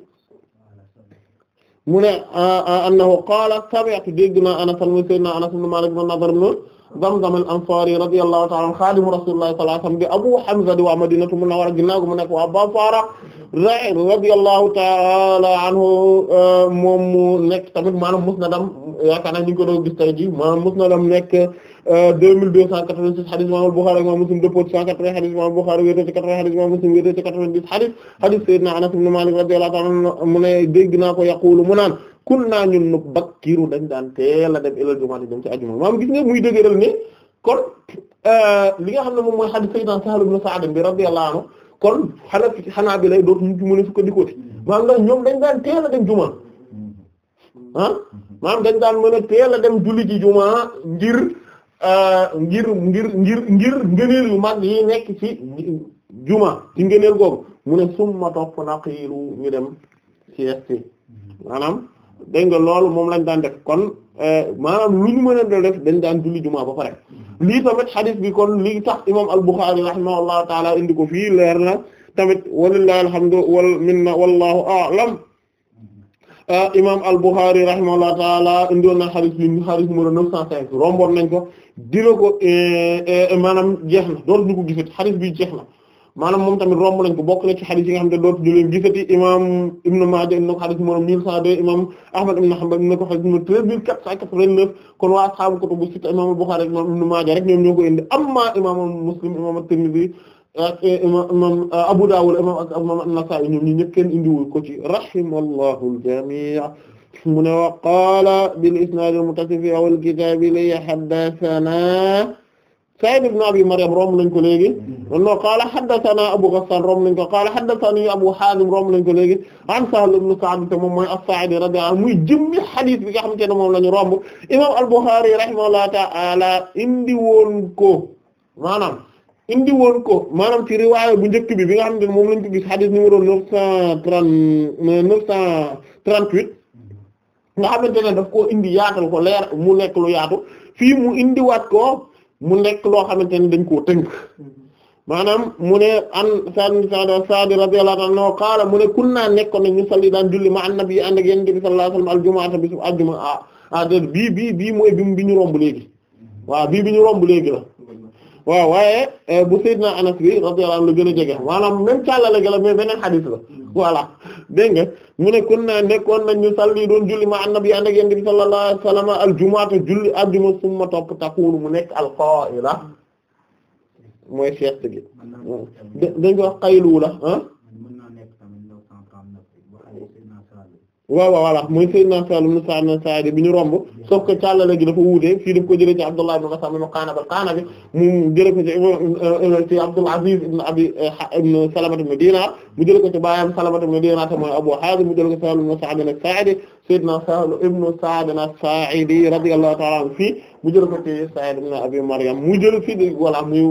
mu ne annahu qaala sami'tu dégg naa Anas mu sayyidina Anas ibn Malik ibn Nadr Zamzam al-Ansari radiyallahu ta'ala anhu xaadimu rasulillahi sallallahu alayhi wasallam di Abu Hamza di waa Madinatu Munawwara ginnaaw gi mu nekk waa Basra radiyallahu ta'ala anhu euh, moom mu nekk tamit maanaam musnadam yaakaar naa ñu ngi ko doon gis tey jii maanaam musnadam nekk 2286 euh, hadith imam Bukhari imam Muslim dëppoo ci 180 hadith imam Bukhari wéetoo ci 80 hadith imam Muslim wéetoo ci 90 hadith hadith Sayyidina Anas ibn Malik radiyallahu ta'ala anhu mu ne dégg naa ko yaqulu mu naan kun naa ñun nu bakkiru dañ daan teel a dem ilal jumaati dem ci ajuma maam gis nga muy dëgëral ne kon euh, li nga xam ne moom mooy hadith sayyidina Sahl ibn Sa'd bi radiyallahu anhu kon xanaa xanaa bi lay dootu ñu mën a sukkandikooti maam dañ daan teel a dem juma ah? dañ daan mën a teel a dem julli ci juma ngir euh, ngir ngir ngir ngir ngëneel yu mag yi nekk ci juma ci ngëneel googu mu ne summa topp naqiilu ñu dem sieste maanaam dégg nga loolu moom lañ daan def kon euh, maanaam lu ñu mën a def dañ daan julli jumaa ba pare lii tamit hadith bi kon lii tax imam al-Bukhari rahimahullahu taala indi ko fii leer na tamit walillahi alhamdu wal minna wallahu a'lam ah, imam al-Bukhari rahimahullahu taala indiwoon na hadith bi hadith numéro 905 romboon nañ ko dina ko euh, euh, maanaam jeex na doon ñu ko gisat hadith bi jeex maanaam moom tamit romb lañ ko bokk na ci xadis yi nga xam ne dootu juleen gisati imam Ibn Maaja na ko xadis numéro 1102 imam Ahmad ibn Hanbal na ko xadis numéro 13489 kon waa ashaabu kutubu sitta imam Bukhari imam Ibn Maaja rek ñoom ñoo ko indi amma imam Muslim imam At-Tirmidhi ak imam uh, Abu Dawud imam ak imam An-Nasa'i ñoom ñu ñëpp kenn indiwul ko ci rahimallahu al-jami' mu ne wa qaala bil isnad al-muttasil fi awwal kitaab li haddathana Saïd ibn Abi Maryam romb nañ ko léegi mm-hmm. non qaala haddathanaa Abu Ghassan romb nañ ko qaala haddathanii Abu Haazim romb nañ ko léegi an Sahl ibn Sa'd te moom mooy as-Saa'idi radiyallahu muy jëmmi xadis bi nga xamante ne moom la ñu romb imaam al-Bukhari rahimahullahu ta'ala indi woon ko maanaam indi woon ko maanaam ci riwaaya bu njëkk bi bi nga xamante ne moom lañ ko gis xadis numéro neuf cent trente euh, neuf cent trente-huit indi yaatal ko leer mu nekk lu yaatu fii mu indiwaat ko. mu nekk loo xamante ne dañ koo tënk maanaam mu ne an sadi sadi radiyallahu anhu qaala mu ne kunna nekkoon ne ñu salli daan julli ma annabi ànd ak yonent bi sallallahu alayhi bi aljumaata bisu àjjuma ah ah bii bii bii mooy bi bi ñu romb léegi waaw bii bi ñu romb léegi la waaw waaye euh, bu Seydina Anas bi radiyallahu anhu la gën a jege maanaam même càllale ga la mais beneen xadis la voilà dégg nga mu ne kun nekkoon nañ ñu salli doon julli ma annabi ànd ak yonent bi sallallahu alayhi wa sallam aljumaata julli aljuma summa topp takuunu mu nekk alqaa'ila mooy sieste gi dañ ko wax qayluula ah waaw waaw voilà mooy sayyidna Sahl ibn Sa'd ibn Sa'id bi ñu romb sauf que càllale gi dafa wuute ko jëlee ci Abdullah ibn Mas'ud ibn Qanab al-Qanabi mu jëlee ko ci euh, euh, ci Abdul Aziz ibn Abi euh, ibn mu jëlee ko ci baayam Salama ibn Dinar te mooy Abu Hazim mu jëlee ko Sahl ibn Sa'd as-Sa'idi sayyidna Sahl ibn Sa'd as-Sa'idi radiyallahu ta'ala fii mu jëlee ko ci Sa'id ibn Abi Maryam mu jëlee fii voilà muy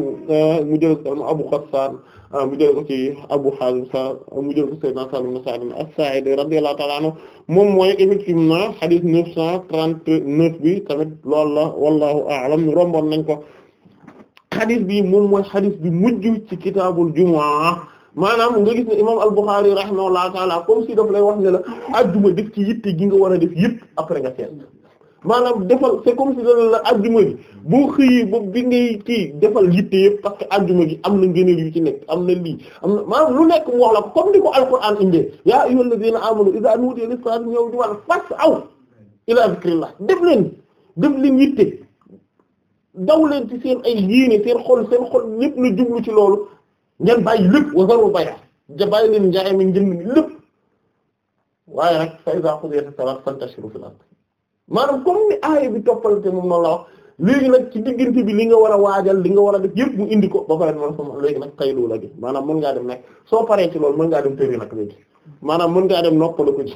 mu jëlee ko Abu Ah, mu jël ko ci Abu Hazim sa mu jël ko sayyidna Salim ibn Sa'd as-Sa'idi radiyallahu ta'ala anhu moom mooy effectivement hadith neuf cent trente-neuf bi tamit loolu la wallahu a'lam romboon nañ ko hadith bi moom mooy hadith bi mujj ci kitaabul jumaa maanaam nga gis ne imam al-Bukhari rahimahullahu ta'ala comme si daf lay wax ne la ajjuma def ci yitte gi nga war a def yëpp après nga seet maanaam defal c'est comme si dana la ajjuma gi boo xëyee ba bi ngay kii defal yitte yëpp parce que ajjuma gi am na ngëneel yu ci nekk am na lii am na maanaam lu nekk mu wax la ko comme ni ko alquran indee yaa ayyuhal ladina amanu idha nudiya lis-salati yawmil jumu'ati fas'aw ila dhikrillah def leen def leen yitte daw leen ci seen ay yéene seen xol seen xol ñépp na jublu ci loolu ngeen bàyyi lépp wa zaru bay'a ja bàyyi leen njaay mi njënd mi lépp waaye rek fa iza qudiyati s-salatu maanaam comme ni aaya bi toppalante moom noonu la wax léegi nag ci diggante bi li nga war a waajal li nga war a def yëpp mu indi ko ba pare man sama léegi nag xaylu la gi maanaam mën ngaa dem nag soo paree ci loolu mën ngaa dem tëri nag léegi maanaam mën ngaa dem noppalu ko ci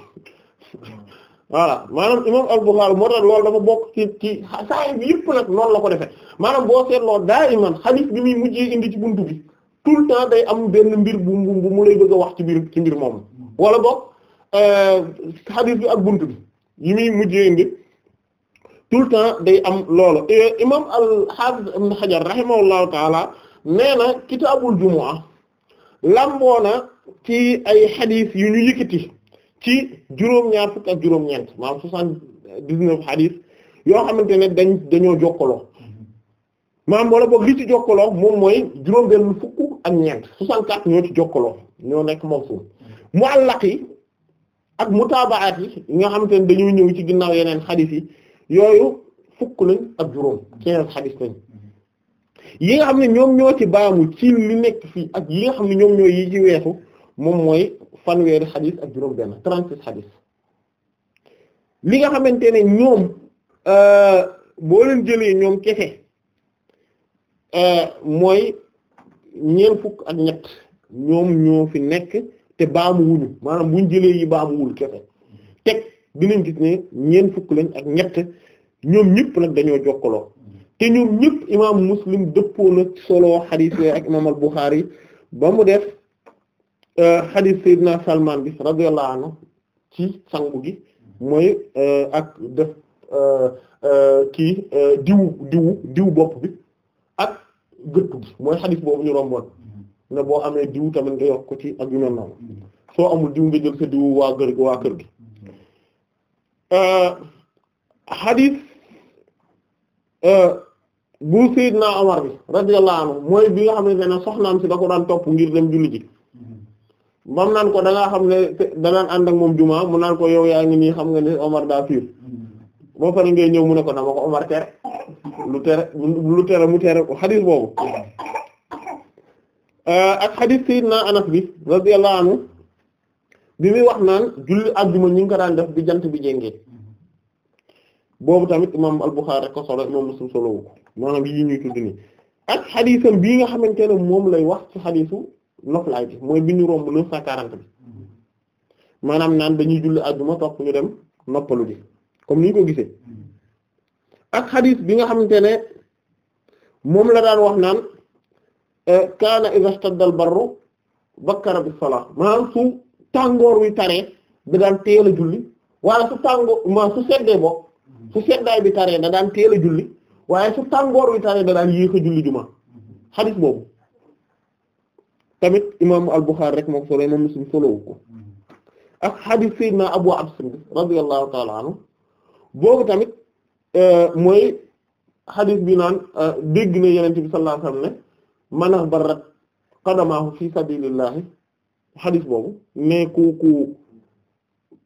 voilà maanaam imam al moo tax loolu bokk ci ci saa bi yëpp nag noonu la ko defee maanaam boo seetloo daa iman xadis bi muy mujjee indi ci bunt bi tout le temps day am benn mbir bu mu bu mu lay bëgg a wax ci biir ci mbir moom wala boog xadis euh, bi ak bunt bi yi muy mujjee indi tout le temps day am loolu imam al-Hafiz ibn Hajar rahimahullahu taala nee na kitaabul jumu'a lamboona ci ay xadis yu ñu yëkkati ci juróom-ñaar fukk juróom-ñeent maanaam soixante-dix-neuf xadis yoo xamante ne dañ dañoo jokkaloo maanaam wala boog li ci jokkaloo moom mooy juróom-benn fukk ak ñeent soixante-quatre ñoo ci jokkaloo ñoo nekk moom suuf mu'allaq yi ak mutaabaat yi nga xamante ne dañuy ñëw ci ginnaaw yeneen xadis yi yooyu fukk lañ ak juróom quinze xadis lañ yi nga xam ne ñoom ñoo ci baamu ci li nekk fii ak yi nga xam ne ñoom ñoo yi ci weesu moom mooy fanweeri xadis ak juróom benn trente-six xadis li nga xamante ne ñoom euh, boo jëlee ñoom kese euh, mooy ñeent fukk ak ñett ñoom ñoo fi nekk te baamuwuñu maanaam buñ jëlee yi baamuwul kese teg dinañ gis ne ñeent fukk lañ ak ñett ñoom ñëpp nag dañoo jokkaloo te ñoom ñëpp imaam muslim dëppoo na solo xadiis yooyu ak imaam al Buxaari ba mu def euh, xadiis Seydina Salman bi radiyallahu anhu ci sangu gi mooy euh, ak def euh, kii diwu diwu diwu bopp bi ak gëttu gi mooy xadiis boobu ñu romboon ne boo amee diw tamit nga yokk ko ci ak yu mel soo amul diw nga jël sa diw waa kër waa kër gi euh, hadith euh, bu Seydina Omar bi radiyallahu anhu mooy bi nga xamante ne soxnaam si da ko daan topp ngir dem julli ji bam naan ko da xam ne danaan ànd ak moom juma mu naan ko yow yaa ngi nii xam nga ne Omar daa fiir boo pare ngay ñëw mu ne ko dama ko lu tere lu tere mu tere ko hadith boobu Euh, ak xadiis sayyidina Anas bi radiyallahu anhu bi muy wax naan julli àjjuma ñu ngi ko daan def bi jant bi jéngee boobu tamit imaam al-Bukhari rek ko solo imaam solo wu yii ñuy tudd nii ak xadiisam nga xamante ne moom lay wax ci xadiisu noflaay bi mooy bi ñu romb neuf cent quarante bi maanaam naan dañuy julli àjjuma topp ñu dem noppalu bi comme ni ñu ko gisee ak xadiis bi nga xamante ne moom la daan wax naan Eh, kaana iza stadda al barru bakkara bis salaa su tàngoor wi taree da daan teel a julli waaye su tàngoor ma taree da daan teel a julli waaye su tàngoor wi taree da daan yéex a julli juma xadis boobu tamit imaam al rek moo ko solo imaam Muslim solo ak xadis sayyidina Abu Abs radiyallahu ta'ala anhu boobu tamit eh, mooy xadis bi naan eh, dégg na Yonent bi sallallahu alayhi manah barrat qadamaahu fi sabilillahi xadis boobu ne ku ku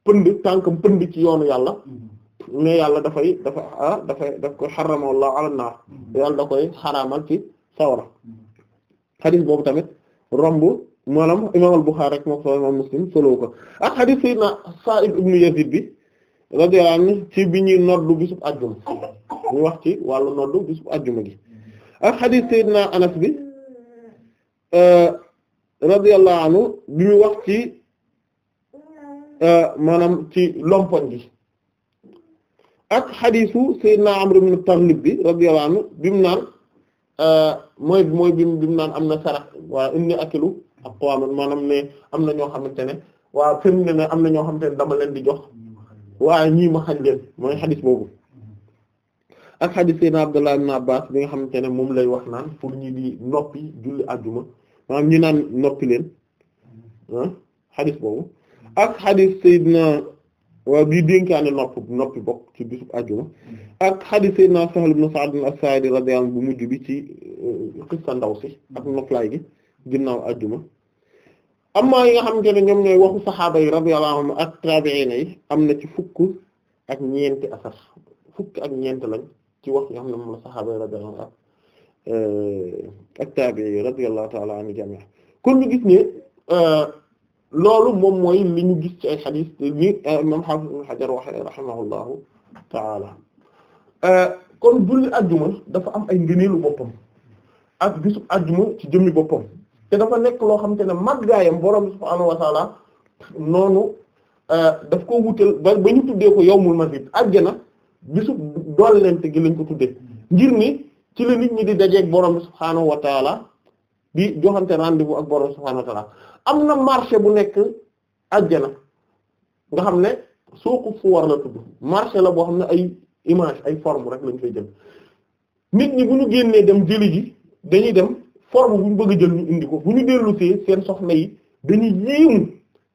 pënd tànkam pënd ci yoonu yàlla ne yàlla dafay dafa ah dafay daf koy xarama wallahu naar yàlla da koy xaraamal ci sawara xadis boobu tamit romb maanaam imaam al-Bukhari rek moo ko imaam Muslim solo ko ak xadis sayyidina Sa'ib ibn Yazid bi radiyallahu anhu ci bi ñuy noddu bisub ajjuma ñu wax ci wàllu noddu bisub ajjuma gi ak xadis sayyidina Anas bi Euh, radiyallahu anhu bi mu wax ci euh, maanaam ci lompoñ gi ak xadiisu Seydina Amr ibn Taghlib bi radiyallahu anhu bi mu naan euh, mooy mooy bi naan am na sarax waa inni akilu ak waaman maanaam am na ñoo xamante ne waa am na ñoo xamante ne dama leen di jox waa ñii ma xañ leen mooy xadiis boobu ak xadiis Seydina Abdullah bi nga xamante ne moom lay wax naan pour ñi di noppi julli àjjuma maanaam ñu naan noppi leen ah xadis boobu ak xadis Seydina waaw bii dénkaane nopp noppi bokk ci bisub àjjuma ak xadis Seydina na ibn Sa'd as-Sa'idi radiyallahu anhu bu mujj bi ci euh, xissa ndaw si ak noflaay gi ginnaaw àjjuma amma yi nga xamante ne ñoom ñooy waxu saxaaba yi radiyallahu anhum ak taabi'iina yi am na ci fukk ak ñeenti asar fukk ak ñeenti lañ ci wax yi nga xam ne moom la saxaaba yi radiyallahu anhum Euh, ak taabi'i radiyallahu ta'ala anil jami' kon ñu gis ne euh, loolu moom mooy li ñu gis ci ay xadis ni euh, imam hafiz ibn hajar waxe rahimahullahu kon julli ajjuma dafa am ay ngëneelu boppam ak bisu ajjuma ci jëmmi boppam te dafa nekk loo xam te ne màggaayam borom subhaanahu wa ta'ala noonu daf ko wutal ba ba ñu tuddee ko yawmul masjid ajjana bisu dollente gi lañ ko tuddee ngir ni ci la nit ñi di dajeeg borom bi subhaanahu wa taala di joxante rendez-vous ak borom subhaanahu wa taala am na marché bu nekk àjjana nga xam ne suuqu fu war la tudd marché la boo xam ne ay image ay forme rek lañ fay jël nit ñi bu ñu génnee dem jëli gi dañuy dem forme bu ñu bëgg jël ñu indi ko bu ñu dellu see seen soxna yi dañuy yéemu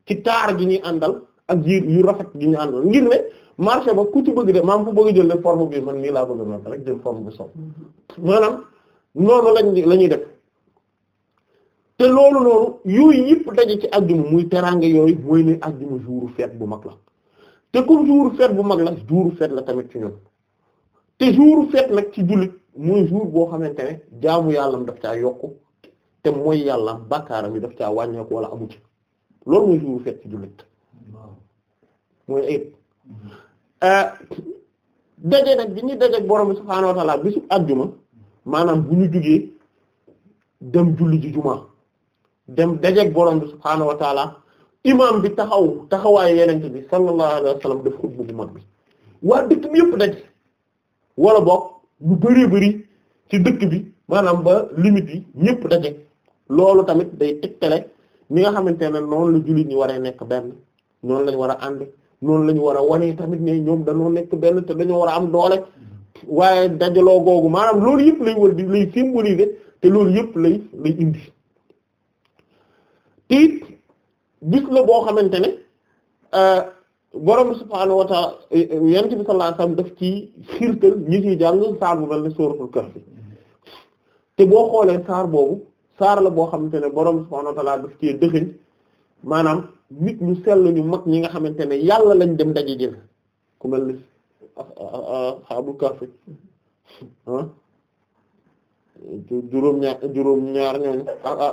ci taar gi ñuy àndal ak jiir yu rafet gi ñu àndoon ngir ne marché ba ku ci bëgg de maam ku bëgg jël ne forme bi man nii laa bëgg noonu rek jël forme bu sopp mhm. maanaam noonu lañ la ñuy def te loolu noonu yooyu yëpp daje ci àjjuma muy teraange yooyu mooy ne àjjuma jouru fête bu mag la te comme jouru fête bu mag la jouru fête la tamit ci ñun te jouru fête nag ci jullit mooy jour boo xamante ne jaamu yàllam daf ca yokku te mooy yàlla bakkaaram yu daf caa wàññeeku wala amu ci loolu mooy jouru fête ci jullit mooy ayib euh, daje nag bi ñuy dajeeg borom bi subhaanahu wa maanaam bu ñu jugee dem julli juma dem dajeeg borom bi subhaanahu wa imaam bi taxaw taxawaayu yonent bi sallallahu alayhi ko bu mag bi waa dëkk bi yëpp daje wala boog lu bëree bëri ci dëkk bi maanaam ba limite yi ñëpp daje loolu tamit day tegtale ñi nga xamante ne noonu la jullit ñi war nekk benn noonu lañ war a ànd noonu la ñu war a wane tamit ne ñoom dañoo nekk benn te dañoo war a am doole waaye dajaloo googu maanaam loolu yëpp lay wër di lay symboliser te loolu yëpp lay lay indi te it bis la boo xamante ne euh, borom subhaanahu wa ta'ala yonent bi sallallahu alayhi wasallam daf ci xiirtal ñi ci jàng saar bu mel ne suuratul kahf te boo xoolee saar boobu saar la boo xamante ne borom subhaanahu wa ta'ala daf ci dëxëñ maanaam. nit ñu sell ñu mag ñi nga xamante ne yàlla lañ dem daje jël ku mel ni ashaabul kahf ah juróom-ñaar juróom-ñaar ñooñu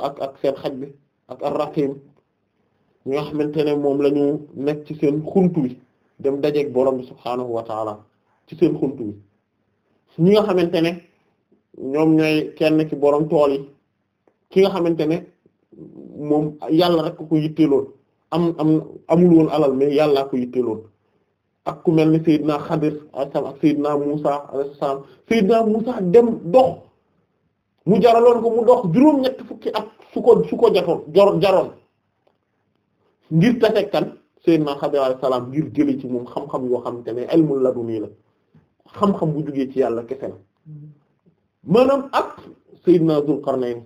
ak ak seen xaj bi ak ar-Raqiim ñi nga xamante ne moom la ñu nekk ci seen xuntu bi dem dajeeg borom bi subhaanahu wa taala ci seen xuntu bi ñi nga xamante ne ñoom ñooy kenn ci borom tool yi ki nga xamante ne moom yàlla rek ko yitteeloon am am amul woon alal mais yàllaa ko yitteeloon ak ku mel ni Seydina Xadir ak Seydina Musa alayhi salaam Seydina Musa dem dox mu jaraloon ko mu dox juróom-ñett fukki at su jaroon ngir tase kan Seydina Xadir alayhi salaam ngir jëlee ci moom xam-xam yoo xamante ne ilmul laduni la xam-xam bu jugee ci yàlla kese la hmm. maanaam ak Seydina Zulqarnayn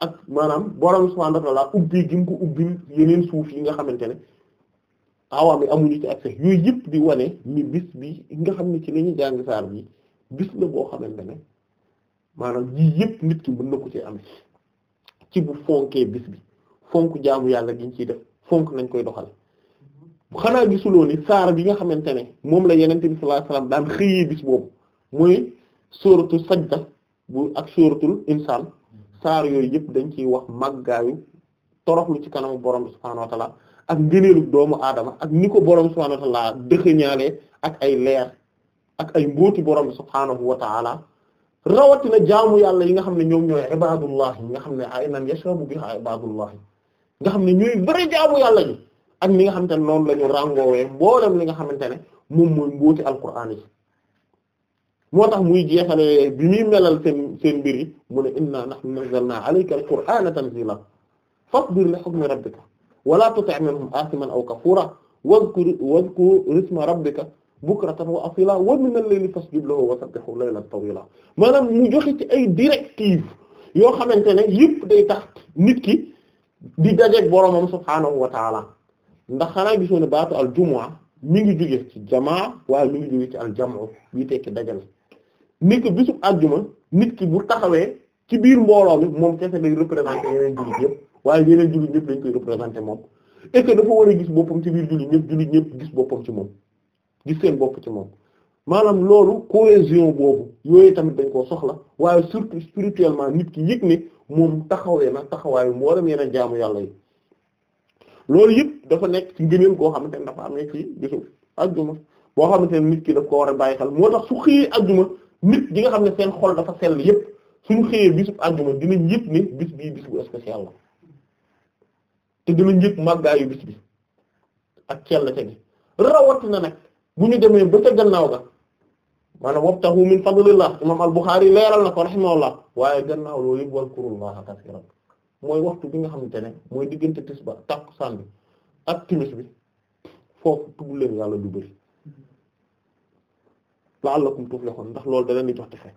ak maanaam borom subhanahu wa ta'ala ubbi gi mu ko ubbi yeneen suuf yi nga xamante ne awaam yi amuñu ci accès yooyu yëpp di wane ni bis bi nga xam ne ci la ñuy jàng saar bi bis la boo xamante ne maanaam yëpp nit ki mën na ko ci am ci bu fonkee bis bi yàlla giñ ciy def fonk nañ koy doxal xanaa gisuloo ni saar bi nga xamante ne moom la yenente bi sallallahu daan xëyee bis boobu mooy sóoratu sajda bu ak sóoratul insaan saar yooyu yëpp dañ ciy wax màggaayu toroxlu ci kanamu borom bi subhaanahu wa ak ngëneelu doomu aadama ak ni ko borom subhaanahu wa ta'ala dëxëñaale ak ay leer ak ay mbooti borom bi subhaanahu wa ta'ala rawatina jaamu yàlla yi nga xam ne ñoom ñooy ibaadullahi nga xam ne ay nan bi biha ibaadullahi nga xam ne ñooy bëri jaamu yàlla yi ak ni nga xamante ne noonu la ñu ràngoowee mboolem li nga xamante ne moom mooy mbooti alquraan yi moo tax muy jeexale bi muy melal seen seen mbir yi mu ne inna nahnu nazzalna alayka al-qur'ana tanzila fasbir li hukmi rabbika wala tuti' minhum asiman aw kafura wadhkur wadhkur isma rabbika bukratan wa asila wa min al-layli fasjud lahu wa sabbihhu laylan tawila maanaam mu joxe ci ay directive yoo xamante ne yëpp day tax nit ki di dajeeg boromam subhaanahu wa taala ndax xanaa gisoo ne baatu al-jumu'a mi ngi jóge ci jamaa waaye mi ngi jóge ci al-jam'u bii tekki dajale ni que bisub àjjuma nit ki bu taxawee ci biir mbooloo mi moom kese lay représenter yeneen jullit yëpp waaye yeneen jullit ñëpp dañ koy représenter moom et que dafa war a gis boppam ci biir jullit ñëpp jullit ñëpp gis boppam ci moom gis seen bopp ci moom maanaam loolu cohésion boobu yooyu tamit dañ koo soxla waaye surtout spirituellement nit ki yëg ne moom taxawee na taxawaayu mboolem yeneen jaamu yàlla yi loolu yëpp dafa nekk ci ngëneel koo xamante ne dafa am nekk ci bisu àjjuma boo xamante ne nit ki daf ko war a bàyyi xel moo tax su xëyee àjjuma nit ñi nga xam ne seen xol dafa sell yépp suñu xëyee bisub àjjuma dinañ yëpp ni bis bii bis bu spécial la te dinañ yëpp màggaayu bis bi ak sell te gi rawatina nag bu ñu demee ba ca gannaaw ga maanaam wabtahu min fadlillah imam al-Bukhari leeral na ko rahimahullah waaye gannaaw loolu yëpp wazkurullaha kasiran mooy waxtu bi nga xamante ne mooy diggante tisba takkusaan bi ak timis bi foofu tudd leen yàlla du bari la'allakum tuflihun ndax loolu da leen di jox texe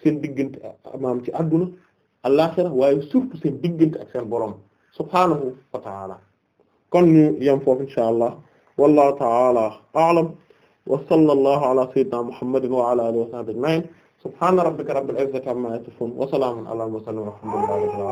seen diggante maam ci àdduna àllaxira waaye surtout seen diggante ak seen borom subhaanahu wa ta'ala kon ñu yem foofu insha allah wallahu ta'ala a'lam wa sallallahu ala sayyidina muhammadin wa ala alihi wa sahbihi ajma'in subhana rabbika rabbil izzati amma yasifun wa salamun ala mursalin walhamdulillahi rabbil alamin